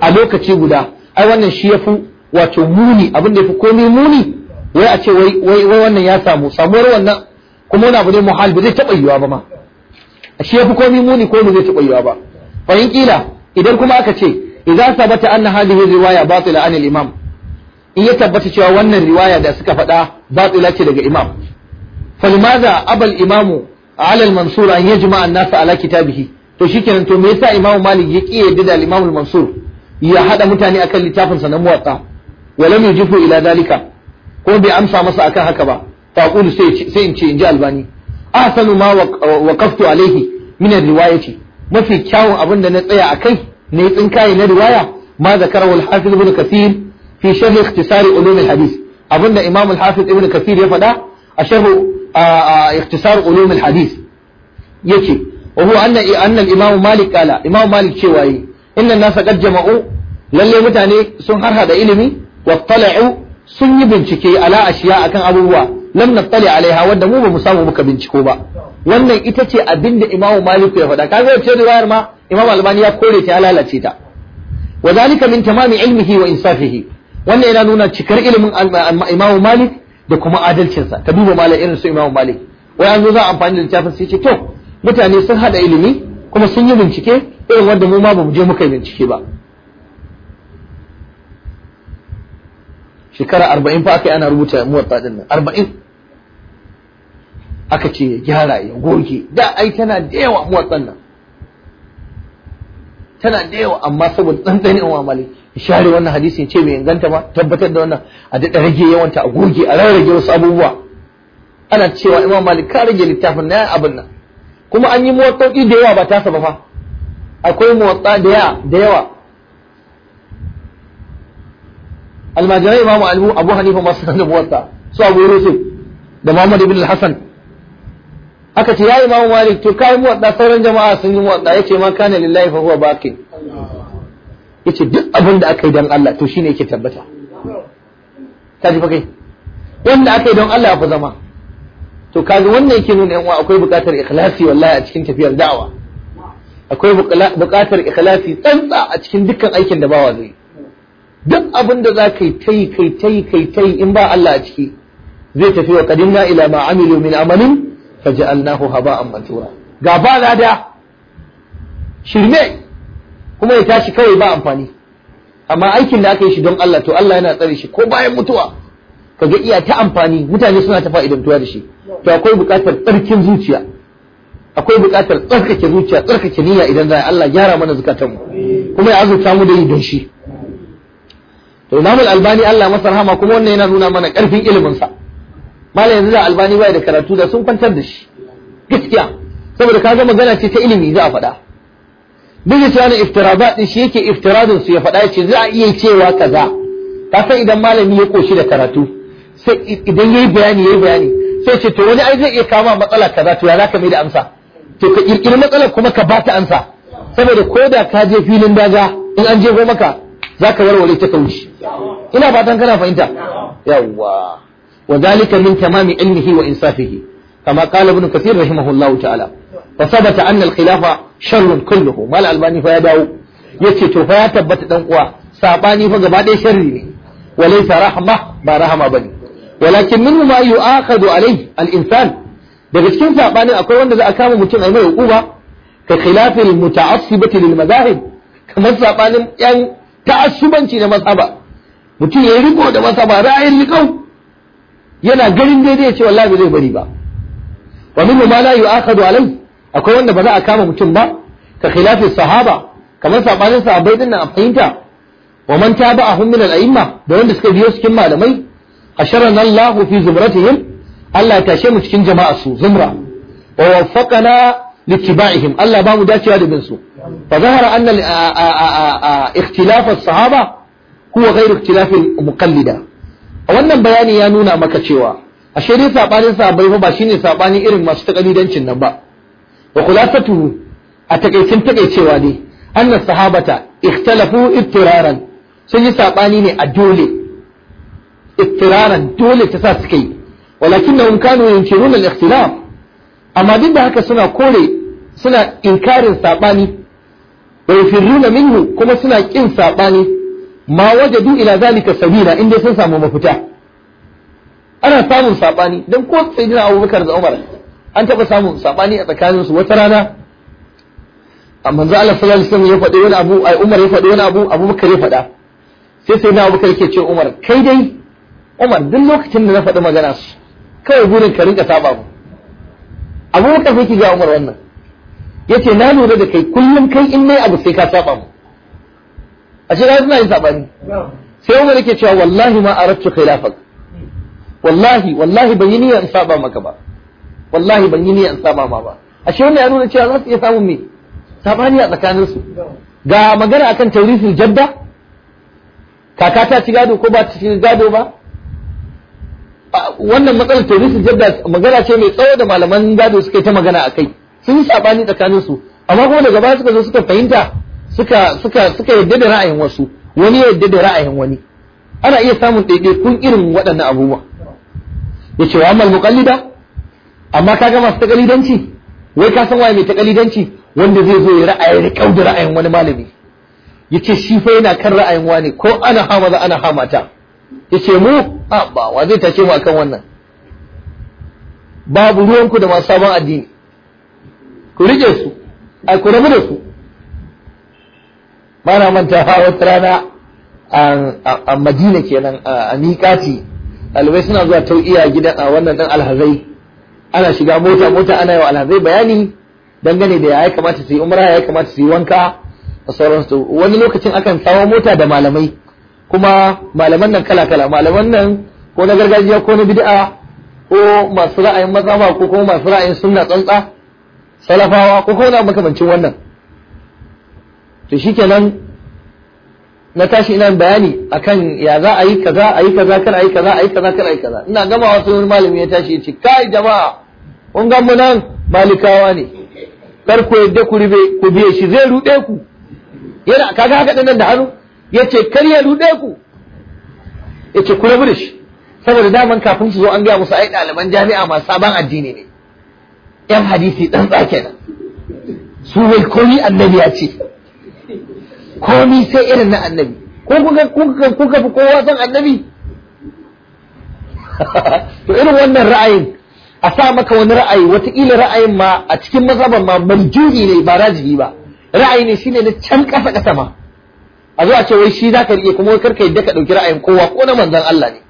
a lokaci guda ai wannan shi yafi wato muni abin da yafi komai muni wai a ce wai wai wannan ya samu samuwar wannan kuma wani abu ne muhal ba zai taɓa yiwa ba ma a shi yafi komai muni ko ba zai taɓa yiwa ba fahim kila idan kuma aka ce idan sabata anna hadhihi riwaya batila anil imam in ya tabbata cewa wannan riwaya da suka faɗa batila ce daga imam falmaza abal imamu ala al-mansur an yajma an Alaki ala kitabihi to shikenan to me yasa imamu malik ya ki yadda da al mansur ya hada mutane akan littafin sa na muwatta walam yujifu ila dalika ko bai amsa masa akan haka ba faqulu sai sai in ce inji albani ahsanu ma waqaftu alaihi min riwaya riwayati mafi kyawun abin da na tsaya akai ne tsinkaye na riwaya ma zakarahu al-hafiz ibn kathir fi sharh ikhtisar ulum al-hadith abinda imam al-hafiz ibn kathir ya faɗa a sharh iktisar ulum al-hadith yake wa imam malik qala imam malik cewa yi inna nasa qad jama'u Lallai mutane sun harhaɗa ilimi wa tala'u sun yi bincike ala ashiya akan abubuwa lam nattali alaiha wanda mu ba mu samu muka binciko ba wannan ita ce abinda imam malik ya faɗa kaga ce riwayar ma imam albani ya kore ta ya lalace ta wa zalika min tamami ilmihi wa insafihi wannan yana nuna cikar ilimin imam malik da kuma adalcinsa ka duba malam irin su imamu malik wai an zo za a amfani da littafin sai ce to mutane sun hada ilimi kuma sun yi bincike irin wanda mu ma bamu je muka yi bincike ba shekara arba'in fa aka yi ana rubuta muwatta din nan arba'in aka ce ya gyara ya goge da ai tana da yawa muwatsan nan tana da yawa amma saboda wa malik share wannan hadisi ce mai inganta ba tabbatar da wannan a daɗa rage yawanta a goge a rarrage wasu abubuwa ana cewa imam malik ka rage littafin na abin nan kuma an yi muwattauki da yawa ba ta saba fa akwai muwatta da yawa almajirai imam albu abu hanifa masu sanar da muwatta su abu yusuf da muhammad ibn hassan aka ce ya imam malik to kai muwatta sauran jama'a sun yi muwatta yace ma kana lillahi fa huwa baqi yace duk abin da aka yi don Allah to shine yake tabbata ka ji kai wanda aka yi don Allah fa zama to kaga wannan yake nuna yan uwa akwai buƙatar ikhlasi wallahi a cikin tafiyar da'awa akwai buƙatar ikhlasi tsantsa a cikin dukkan aikin da bawa zai duk abin da za ka yi ta yi kai ta yi kai ta yi in ba Allah a ciki zai tafi wa qadimna ila ma amilu min amalin faj'alnahu haba'an mansura ga ba da shirme kuma ya tashi kawai ba amfani amma aikin da aka yi shi don Allah to Allah yana tsare shi ko bayan mutuwa ka ga iya ta amfani mutane suna ta tuwa da shi to akwai buƙatar tsarkin zuciya akwai buƙatar tsarkake zuciya tsarkake niyya idan za Allah gyara mana zukatanmu kuma ya azurta mu da yi don shi to Imam Albani Allah masa rahama kuma wannan yana nuna mana ƙarfin ilimin sa malam yanzu da Albani bai da karatu da sun kwantar da shi gaskiya saboda ka ga magana ce ta ilimi za a faɗa ya cewa na iftirabat din shi yake iftiradin su ya faɗa ce za a iya cewa kaza ka san idan malami ya koshi da karatu sai idan yayi bayani yayi bayani sai ce to wani ai zai iya kama matsala kaza to ya zaka mai da amsa to ka kirkiri matsalar kuma ka bata amsa saboda ko da ka je filin daga in an je maka zaka warware ta kauce ina fatan kana fahimta yawwa wa zalika min tamami ilmihi wa insafihi kama qala ibn kathir rahimahullahu ta'ala fa sabata kilafa al-khilafa sharrun kulluhu mal albani fa ya dawo yace to fa ya tabbata ɗan uwa sabani fa gaba ɗaya sharri ne walaysa rahma ba rahama bane walakin minhu ma yu'akhadu alayhi al-insan daga cikin sabanin akwai wanda za a kama mutum a mai hukuma ka khilafil muta'assibati lil madahib kamar sabanin yan ta'assubanci na mazhaba mutum ya riko da mazhaba ra'ayin riƙau yana ganin daidai ya ce wallahi ba zai bari ba wa minhu ma la yu'akhadu alayhi akwai wanda ba za a kama mutum ba ka khilafi sahaba kamar sabanin sahabbai din nan a fahimta wa man tabi'ahum min al-a'imma da wanda suka biyo cikin malamai asharana Allah fi zumratihim Allah ya tashe mu cikin jama'a su zumra wa waffaqana litiba'ihim Allah ba mu dacewa da bin su fa zahara anna ikhtilaf as-sahaba huwa ghayr ikhtilaf al-muqallida wannan bayani ya nuna maka cewa ashe dai sabanin sahabbai ba shine sabanin irin masu takalidancin nan ba wa tuho a takaicin takaicewa ne anna sahabata ikhtalafu ittiraran sun yi sabani ne a dole ittiraran dole ta sa suka yi walakinnahum kanu yunkiruna al-ikhtilaf amma duk da haka suna kore suna inkarin sabani wa yafirruna minhu kuma suna kin sabani ma wajadu ila zalika sabila inda sun samu mafita ana samun sabani dan ko sayyidina Abubakar da Umar an taɓa samun saɓani a tsakaninsu wata rana a manzo Allah sallallahu alaihi wasallam ya faɗi wani abu ai Umar ya faɗi wani abu Abu Bakar ya faɗa sai sai na Abu Bakar yake ce Umar kai dai Umar duk lokacin da na faɗi magana su kawai gurin ka rinka saba mu Abu Bakar yake ga Umar wannan yace na lura da kai kullum kai in mai abu sai ka saba mu a ce na yin sabani sai Umar yake cewa wallahi ma aradtu khilafak wallahi wallahi ban yi niyyar in saba maka ba wallahi ban yi niyyar saba ma ba ashe wannan ya nuna cewa za su iya samun me sabani a tsakanin su ga magana akan taurisul jadda kaka ta ci gado ko ba ta ci gado ba wannan matsalar taurisul jadda magana ce mai tsawo da malaman gado suka yi ta magana akai sun yi sabani tsakanin su amma kuma daga baya suka zo suka fahimta suka suka suka yadda da ra'ayin wasu wani ya yadda da ra'ayin wani ana iya samun ɗaiɗaikun irin waɗannan abubuwa ya ce wa amal muqallida amma kaga masu takalidanci wai ka san waye mai takalidanci wanda zai zo ya ra'ayi da ra'ayin wani malami Ya ce shi fa yana kan ra'ayin wani ko ana hama za ana hama ta ce mu a ba wa zai tace mu akan wannan babu ruwanku da masu sabon addini ku riƙe su a ku rabu da su bana manta wata rana a Madina kenan a Miƙati alwai suna zuwa tau'iya gidan a wannan dan alhazai ana shiga mota mota ana yawa alhazai bayani dangane da ya kamata su yi umra ya kamata su yi wanka da sauransu wani lokacin akan kawo mota da malamai kuma malaman nan kala kala malaman nan ko na gargajiya ko na bid'a ko masu ra'ayin mazhaba ko kuma masu ra'ayin sunna tsantsa salafawa ko kuma makamancin wannan to shikenan na tashi ina bayani akan ya za a yi kaza a yi kaza kar a yi kaza a yi kaza kar a yi kaza ina gama wasu wani malami ya tashi ya ce kai jama'a kun ga mu nan malikawa ne kar ku yadda ku rube ku biye shi zai rude ku yana kaga haka nan da hannu ce kar ya rude ku ce ku rabu da shi saboda daman kafin su zo an gaya musu ai ɗaliban jami'a masu sabon addini ne yan hadisi dan tsake nan su wai koyi annabi ya ce komi sai irin na annabi ko kuka kuka kuka fi kowa san annabi to irin wannan ra'ayin a sa maka wani ra'ayi wataƙila ra'ayin ma a cikin mazhaban ma marjuri ne ba rajibi ba ra'ayi ne shine na can ƙasa ƙasa ma a zo ce wai shi za ka riƙe kuma karka yadda ka ɗauki ra'ayin kowa ko na manzon Allah ne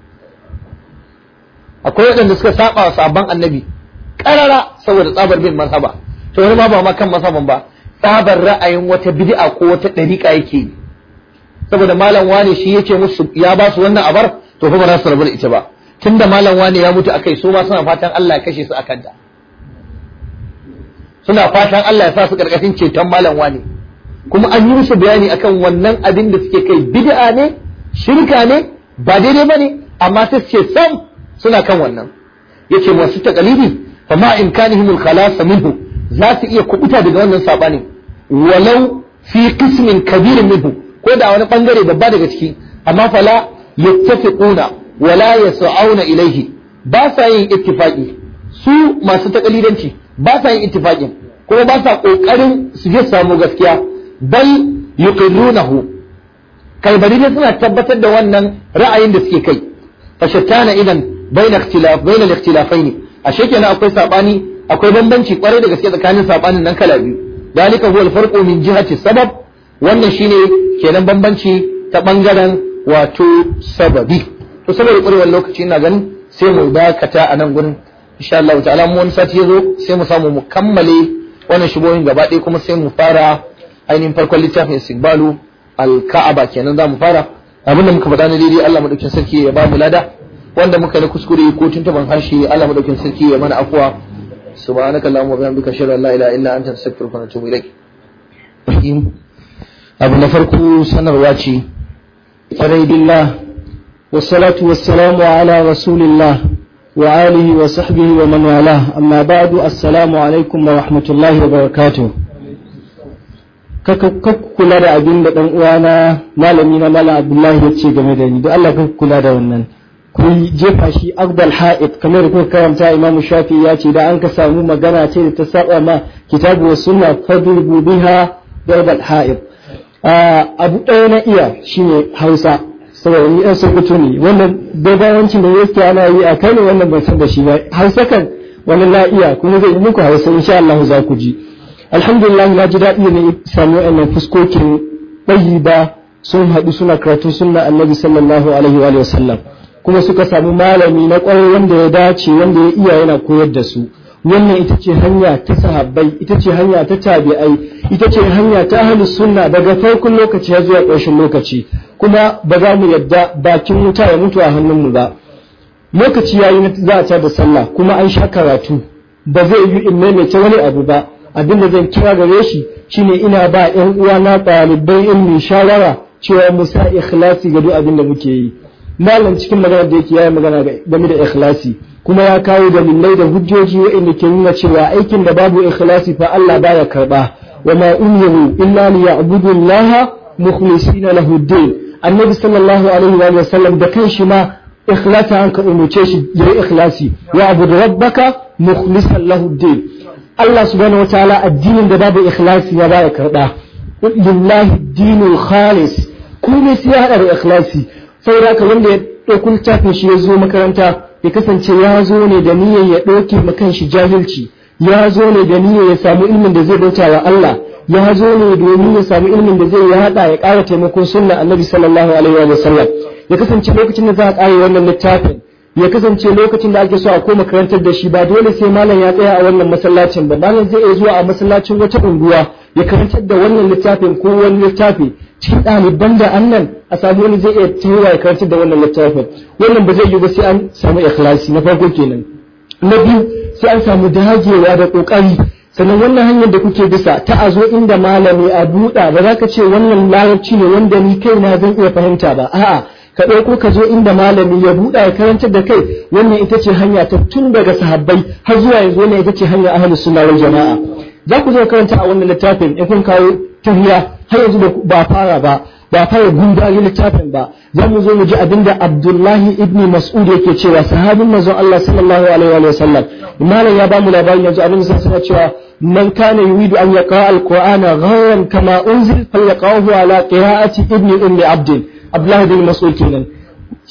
akwai waɗanda suka saba wa sabon annabi ƙarara saboda tsabar bin mazhaba to wani ma ba ma kan mazhaban ba tsabar ra'ayin wata bid'a ko wata ɗariƙa yake yi saboda malam wane shi yace musu ya ba su wannan abar to fa ba za su rabu da ita ba tunda malam wane ya mutu akai su ma suna fatan Allah ya kashe su akan ta suna fatan Allah ya sa su karkashin ceton malam wane kuma an yi musu bayani akan wannan abin da suke kai bid'a ne shirka ne ba daidai bane amma sai ce sam suna kan wannan yace masu taqalidi fa ma kanihimul khalas minhu za su iya kubuta daga wannan sabanin walau fi qismin kabirin minhu ko da wani bangare babba daga ciki amma fala yattafiquna wala yas'auna ilaihi ba sa yin ittifaqi su masu takalidanci ba sa yin ittifaqin kuma ba sa ƙoƙarin su je samu gaskiya bal yuqirrunahu kai bari ne suna tabbatar da wannan ra'ayin da suke kai fashattana idan baina ikhtilaf baina al-ikhtilafaini ashe kenan akwai sabani akwai bambanci kwarai da gaske tsakanin sabanin nan kala biyu dalika huwa alfarqu jiha ce sabab wannan shine kenan bambanci ta ɓangaren wato sababi to saboda kurewar lokaci ina ganin sai mu dakata a nan gurin insha Allah ta'ala mu wani sati yazo sai mu samu mu kammale wannan shigoyin gaba ɗaya kuma sai mu fara ainihin farkon littafin istiqbalu al kenan za mu fara abin da muka faɗa na daidai Allah madaukakin sarki ya ba lada wanda muka yi kuskure ko tuntuban harshe Allah madaukakin sarki ya mana akuwa. subhanaka allahumma wa bihamdika ashhadu an la ilaha illa anta astaghfiruka wa atubu ilaik abu na farko sanarwa ce farai billah wassalatu wassalamu ala rasulillah wa alihi wa sahbihi wa man wala amma ba'du assalamu alaikum wa rahmatullahi wa barakatuh Ka kula da abin da dan uwana malami na malam abdullahi ya ce game da ni da Allah ka kula da wannan kuyi jefa shi akbal ha'id kamar kuka karanta imam shafi ya ce da an ka samu magana ce da ta saba ma kitabu wa sunna fadrubu biha darbal ha'id abu ɗaya na iya shine hausa saboda ni ɗan sokoto ne wannan gaggawancin da yake ana yi a kano wannan ban san da shi ba hausa kan wani na iya kuma zai yi muku hausa insha Allah za ku ji alhamdulillah na ji daɗi ne samu wannan fuskokin ɗayi sun haɗu suna karatu sunna annabi sallallahu alaihi wa sallam kuma suka samu malami na ƙwarar wanda ya dace wanda ya iya yana koyar da su wannan ita ce hanya ta sahabbai ita ce hanya ta tabi'ai ita ce hanya ta ahli sunna daga farkon lokaci har zuwa ƙarshen lokaci kuma ba za mu yadda bakin wuta ya mutu a hannunmu ba lokaci ya yi za a ta da sallah kuma an sha karatu ba zai yi in maimaita wani abu ba abin da zan kira gare shi shine ina ba ƴan uwa na ɗalibai ilmi shawara cewa mu sa ikhlasi ga duk abin da muke yi malam cikin magana da yake yayi magana game da ikhlasi kuma ya kawo dalilai da hujjoji wainda ke nuna cewa aikin da babu ikhlasi fa Allah baya karba wa ma umiru illa liya'budu Allah mukhlisina lahu din annabi sallallahu alaihi wa sallam da kanshi ma ikhlasa an ka umurce shi yayi ikhlasi wa abudu rabbaka mukhlisan lahu din Allah subhanahu wataala addinin da babu ikhlasi ya baya karba lillahi dinul khalis kuma sai ya hada da ikhlasi saboda haka wanda ya ɗauko littafin shi ya zo makaranta ya kasance ya zo ne da niyyar ya ɗauke ma shi jahilci ya zo ne da niyyar ya samu ilmin da zai bauta wa Allah ya zo ne domin ya samu ilmin da zai yada ya ƙara taimakon sunna annabi sallallahu alaihi wa sallam ya kasance lokacin da za a ƙare wannan littafin ya kasance lokacin da ake so a koma karantar da shi ba dole sai malam ya tsaya a wannan masallacin ba malam zai iya zuwa a masallacin wata unguwa ya karantar da wannan littafin ko wani littafi cikin ɗaliban da annan a samu wani zai iya cewa ya da wannan littafin wannan ba zai yi ba sai an samu ikhlasi na farko kenan na biyu sai an samu dagewa da ƙoƙari sannan wannan hanyar da kuke bisa ta a zo inda malami a buɗa ba za ka ce wannan larabci ne wanda ni kai na zan iya fahimta ba a'a ka ɗauko ka zo inda malami ya buɗa ya karantar da kai wannan ita ce hanya ta tun daga sahabbai har zuwa yanzu wannan ita ce hanya ahlus sunna wal jama'a za ku zo karanta a wannan littafin in kun kawo tahiya har yanzu ba fara ba ba fara gundari littafin ba za mu zo mu ji abinda Abdullahi Ibni Mas'ud yake cewa sahabin manzon Allah sallallahu alaihi wa sallam malam ya bamu labarin yanzu abin sai suna cewa man kana yuridu an yaqra al ghayran kama unzil falyaqrahu ala qira'ati ibn ummi abd Abdullahi ibn Mas'ud kenan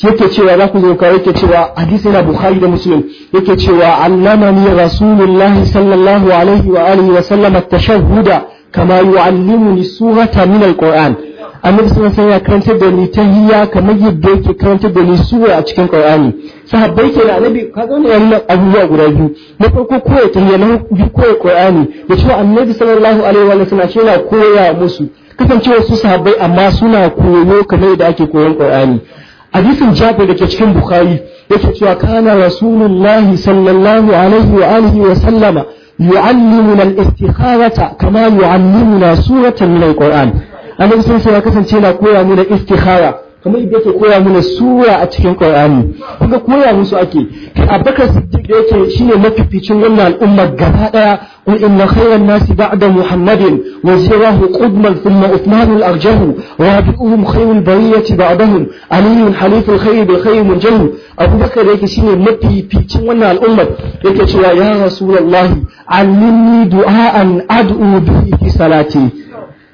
yake cewa za ku zo kare yake cewa hadisi na Bukhari da Muslim yake cewa allamani rasulullahi sallallahu alaihi wa alihi wa sallam at-tashahhuda kama yu'allimuni surata min alquran annabi sallallahu alaihi ya karanta da ni ta hiya kamar yadda yake karanta da ni sura a cikin qur'ani sahabbai ke da annabi ka ga wannan abubuwa guda biyu na farko koya tahiyya na biyu koya qur'ani da cewa annabi sallallahu alaihi wa sallam yana koya musu kasancewa su sahabbai amma suna koyo kamar yadda ake koyon ƙur'ani. hadisin Jabir da ke cikin Bukhari yake cewa kana Rasulullahi sallallahu alaihi wa alihi wa sallama yu'allimuna al-istikharata kama yu'allimuna suratan min al-Qur'an annabi sun ya kasance na koya mana istikhara kamar yadda yake koya mana sura a cikin Qur'ani kuma koya musu ake abakar Siddiq da yake shine mafificin wannan al'umma gaba daya wa inna khayran nasi ba'da Muhammadin wa sirahu qudman thumma Uthman al-arjahu wa rabi'uhum khayrul bariyati ba'dahum Ali haliful khayr bil khayr munjahu Abubakar yake shine mafificin wannan al'umma yake cewa ya Rasulullahi allimni du'a'an ad'u bihi salati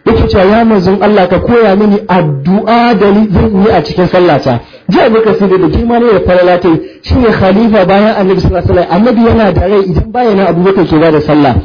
yake cewa ya manzon Allah ka koya mini addu'a da zan yi a cikin sallata jiya abin sai da girma ne da falalata shi ne khalifa bayan annabi sallallahu alaihi wasallam annabi yana da rai idan baya na abubakar ke da sallah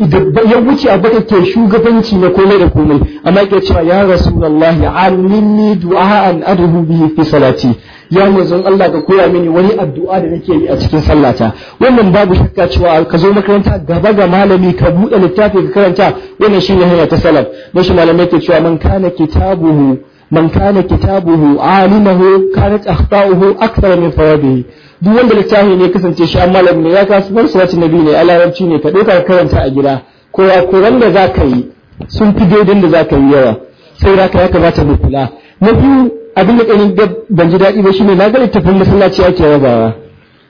idan ya wuce abubakar ke shugabanci na komai da komai amma yake cewa ya rasulullahi alimni an adhu bihi fi salati ya manzon Allah ka koya mini wani addu'a da nake yi a cikin sallata wannan babu shakka cewa ka zo makaranta gaba ga malami ka buɗe littafi ka karanta wannan shine hanya ta salaf mashi malamai ke cewa man kana kitabuhu man kana kitabuhu alimahu kanat akhta'uhu akthar min thawabihi duk wanda littafi ne kasance shi an malami ne ya kasu farsa wacce nabi ne alarabci ne ka ɗauka karanta a gida ko ya koran da za ka yi sun fi daidai da za ka yi yawa sai raka ya kamata mu kula na biyu abin da ɗanin da ban ji daɗi ba shine na ga littafin masallaci ake rabawa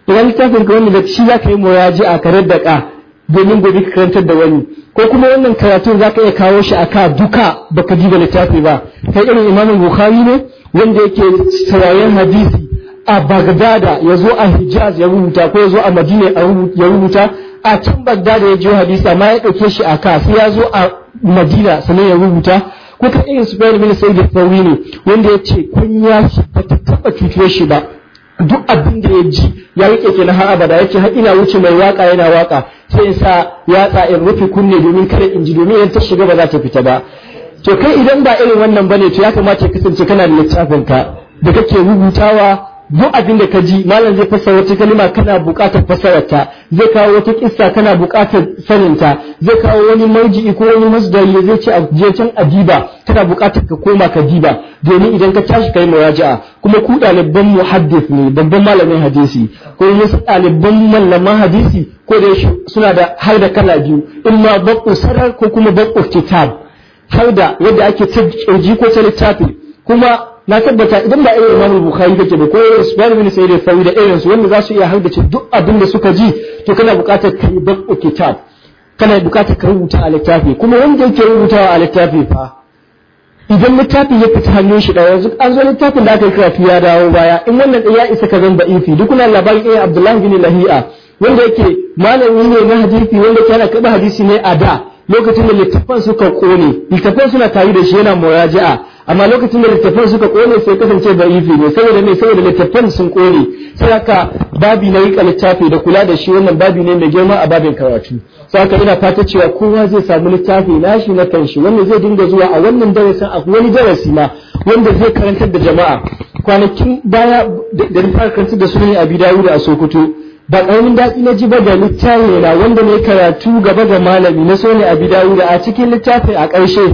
idan littafin ka wanda shi za ka yi muraji a karar da ka domin gobe ka karantar da wani ko kuma wannan karatun za ka iya kawo shi a ka duka baka ji da littafi ba kai irin imamin bukhari ne wanda yake sarayen hadisi a bagdada ya zo a hijaz ya rubuta ko ya zo a madina ya rubuta a can bagdada ya jiyo hadisi amma ya ɗauke shi a ka sai ya zo a madina sannan ya rubuta ko irin su bayan mini sai da sauri ne wanda ya ce kunya shi ba ta taɓa cutuwar shi ba duk abin da ya ji ya rike na har abada ya ce ina wuce mai waka yana waka sai in sa yatsa in rufe kunne domin kada in ji domin idan ta shiga ba za ta fita ba to kai idan ba irin wannan bane to ya kamata ya kasance kana da littafin ka da kake rubutawa duk abin da ka ji malam zai fassara wata kalima kana buƙatar ta zai kawo wata kissa kana buƙatar ta zai kawo wani marji'i ko wani masdari zai ce a je adiba kana buƙatar ka koma ka diba domin idan ka tashi kai muraja'a kuma ku ɗaliban muhaddis ne babban malamin hadisi ko su ɗaliban malaman hadisi ko da suna da har da kala biyu in ma babu sarar ko kuma babu kitab har da wanda ake ta ko ta littafi kuma na tabbata idan ba irin imamul Bukhari kake ba ko Usman bin Sa'id al-Thawri da irin su wanda za su iya haddace duk abin da suka ji to kana buƙatar ka yi bakku kitab kana buƙatar ka rubuta a littafi kuma wanda yake rubutawa a littafi fa idan littafi ya fita hannun shi da yanzu an zo littafin da aka yi karatu ya dawo baya in wannan ɗaya ya isa ka zan ba'ifi duk kuna labarin ɗaya Abdullahi bin Lahi'a wanda yake malami ne na hadisi wanda ke ana hadisi ne a da lokacin da littafan suka ƙone littafan suna tari da shi yana muraja'a amma lokacin da littafan suka kone sai kasance da ifi ne saboda ne saboda littafan sun kone sai aka babi na rika littafi da kula da shi wannan babi ne mai girma a babin karatu sai aka ina fata cewa kowa zai samu littafi nashi na kanshi wanda zai dinga zuwa a wannan darasin a wani darasi ma wanda zai karantar da jama'a kwanakin baya da ni fara karantar da sunan abi dawud a sokoto ba ƙaramin daɗi na ji ba da littafi na wanda ne karatu gaba ga malami na sunan abi dawud a cikin littafi a ƙarshe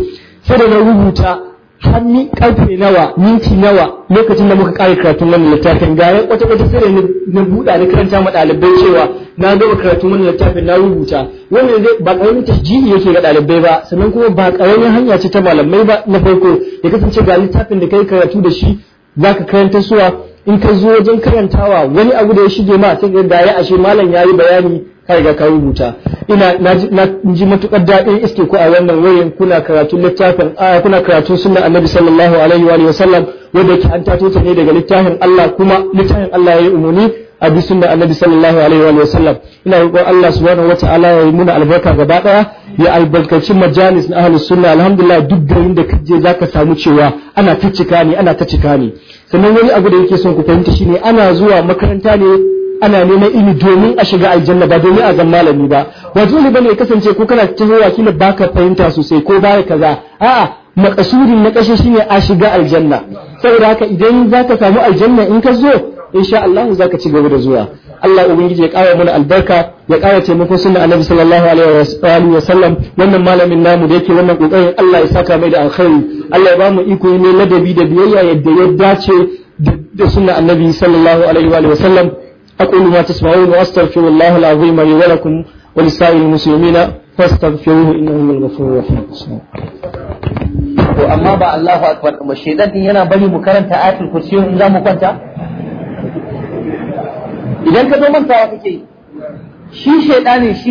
sai da na rubuta hannu karfe nawa minti nawa lokacin da muka kare karatun wannan littafin ga wata kwata kwata sai na buɗa na karanta ma ɗalibai cewa na gama karatun wannan littafin na rubuta wannan zai ba ƙaramin tasjihi yake ga ɗalibai ba sannan kuma ba ƙaramin hanya ce ta malamai ba na farko ya kasance ga littafin da kai karatu da shi zaka karanta suwa in ka zo wajen karantawa wani abu da ya shige ma sai ga ya ashe malam yayi bayani ka riga ka rubuta ina na ji matukar daɗin iske ku a wannan wayan kuna karatun littafin aya kuna karatun sunna annabi sallallahu alaihi wa sallam wanda yake an tato ta ne daga littafin Allah kuma littafin Allah yayi umuni a bi sunna annabi sallallahu alaihi wa sallam ina roƙon Allah subhanahu wataala ya yi muna albarka gaba daya ya albarkaci majalis na ahlus sunna alhamdulillah duk garin da kaje zaka samu cewa ana ta cika ne ana ta cika ne sannan wani abu da yake son ku fahimta shine ana zuwa makaranta ne ana neman ilimi domin a shiga aljanna ba domin a zan malami ba ba dole bane ya kasance ko kana tahowa kila baka fahimta sosai ko baya kaza a'a makasudin na kashe shine a shiga aljanna saboda haka idan zaka samu aljanna in ka zo insha Allah zaka ci gaba da zuwa Allah ubangiji ya kawo mana albarka ya kawo taimakon suna annabi sallallahu alaihi wa sallam wannan malamin namu da yake wannan kokarin Allah ya saka mai da alkhairi Allah ya ba mu iko ne ladabi da biyayya yadda ya dace da sunna annabi sallallahu alaihi wa sallam أقول ما تسمعون وأستغفر الله العظيم لي ولكم ولسائر المسلمين فاستغفروه إنه هو الغفور الرحيم to amma ba Allahu akbar ba shedan yana bari mu karanta ayatul kursi in za mu kwanta idan ka zo mantawa kake yi shi shedani shi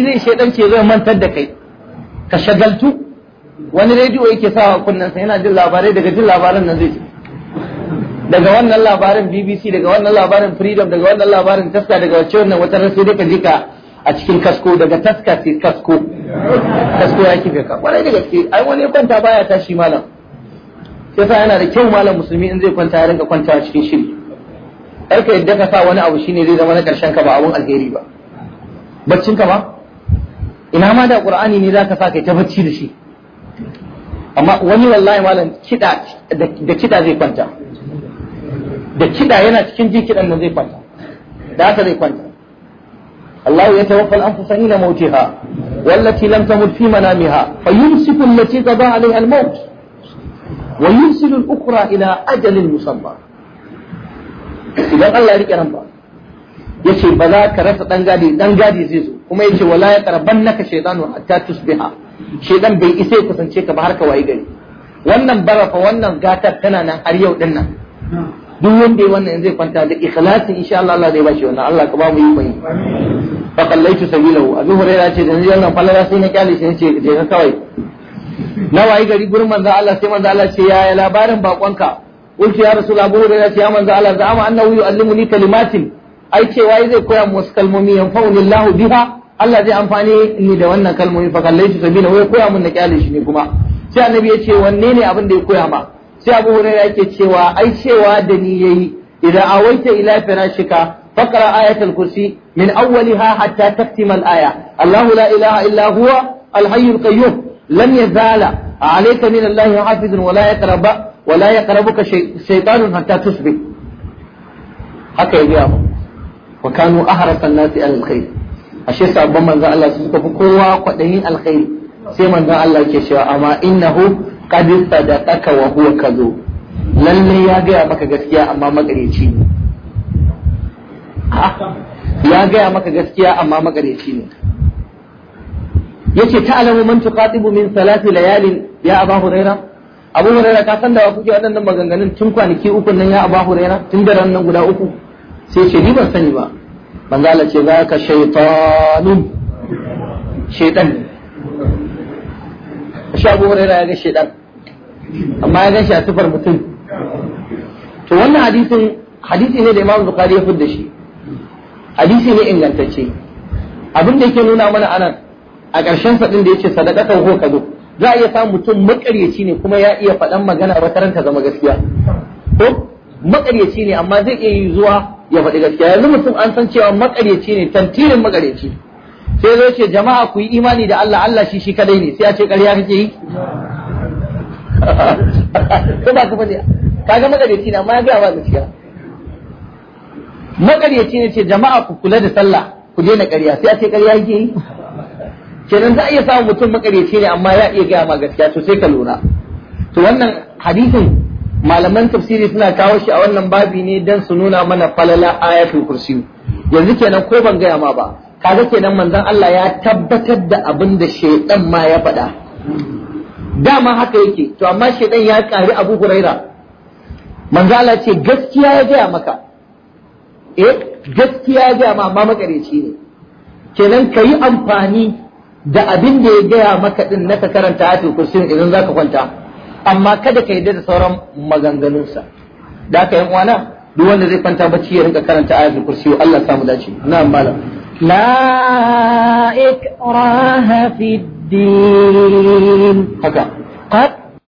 mantar da kai ka shagaltu wani rediyo yake sawa kunnen sa yana jin labarai daga jin labaran nan zai ce daga wannan labarin BBC daga wannan labarin Freedom daga wannan labarin Tasca daga wacce wannan wata rasu sai dai ka jika a cikin kasko daga Tasca sai kasko kasko ya kife ka kwarai da gaske ai wani kwanta baya tashi malam sai sa yana da kyau malam musulmi in zai kwanta ya rinka kwantawa cikin shiri kar ka yadda ka sa wani abu shine zai zama na karshen ka ba abun alheri ba baccin ka ba ina ma da qur'ani ne zaka sa kai ta bacci da shi amma wani wallahi malam kida da kida zai kwanta da kiɗa yana cikin jin nan zai kwanta da haka zai kwanta Allah ya tawaffal anfusa ila mautiha wallati lam tamut fi manamiha fayumsiku allati qada alaiha al-maut wa yursilu al-ukhra ila ajalin musamma idan Allah ya rike ran ba yace ba za ka rasa dan gadi dan gadi zai zo kuma yace wala ya karaban naka shaytanu hatta tusbiha shaytan bai isa ya kusance ka ba har ka gari wannan barafa wannan gatar tana nan har yau din nan duk wanda wannan zai kwanta da ikhlasi insha Allah Allah zai bashi wannan Allah ka ba mu yi amin fa kallaitu sabilahu abu hurairah ce da nan falala sai na kyale shi ne ce ga ka kawai na wayi gari gurin manzo Allah sai manzo Allah ce yaya labarin bakonka قلت يا رسول الله بقول يا سيما زعل زعم انه ni kalimatin? ai ce wai zai koya mu wasu kalmomi yan fa'uni Allah biha Allah zai amfani ni da wannan kalmomi fa kallaitu sabilahu ya koya mun na kyale shi ne kuma sai annabi ya ce wanne ne abin da ya koya ma sai abu hurairah yake cewa ai cewa da ni yayi idza awaita ila firashika faqra ayatul kursi min awwaliha hatta taktima al-aya Allahu la ilaha illa huwa al-hayyul qayyum lam yazala alayka min Allahi hafizun wa la yaqrab wa la yaqrabuka shaytanun hatta tusbih haka yayi abu wa kanu ahrasa an-nasi al-khair ashe sabon manzon Allah su suka fi kowa kwadayin alkhairi sai manzon Allah ke cewa amma innahu da taka wa huwa kazo lalle ya gaya maka gaskiya amma makareci ne ya gaya maka gaskiya amma makareci ne yace alamu man tuqatibu min salati layalin ya aba huraira abu huraira ka san da wa kuke waɗannan maganganun tun kwanaki uku nan ya aba huraira tun da nan guda uku sai ce ni ban sani ba manzala ce za ka shaitanun shaitan shi abu huraira ya ga shaytan amma ya gan shi a sifar mutum to wannan hadisin hadisi ne da imam bukari ya fidda shi hadisi ne ingantacce abin da yake nuna mana anan a ƙarshen sa da yace sadaqatan ko kazo za a iya samun mutum makaryaci ne kuma ya iya faɗan magana wata ranta zama gaskiya ko makaryaci ne amma zai iya yi zuwa ya faɗi gaskiya yanzu mutum an san cewa makaryaci ne tantirin makaryaci sai zai ce jama'a ku yi imani da Allah Allah shi shi kadai ne sai a ce ƙarya kake yi ko ba ka kaga na amma ya gaskiya ne ce jama'a ku kula da sallah ku daina ƙarya sai a ce ƙarya yake yi kenan za a iya samun mutum makaryaci ne amma ya iya gaya ma gaskiya to sai ka lura to wannan hadisin malaman tafsiri suna kawo shi a wannan babi ne dan su nuna mana falala ayatul kursi yanzu kenan ko ban gaya ma ba kaga kenan manzon Allah ya tabbatar da abin da shaydan ma ya faɗa dama haka yake to amma shedan ya kari Abu Huraira manzo Allah ce gaskiya ya gaya maka eh gaskiya ya gaya ma amma makareci ne kenan kayi amfani da abin da ya gaya maka din na ka karanta ayatul kursi idan zaka kwanta amma kada ka yadda da sauran maganganunsa da ka yi uwana duk wanda zai kwanta bacci ya rinka karanta ayatul kursi Allah samu dace na'am malam la ikraha fid الدين هكذا قال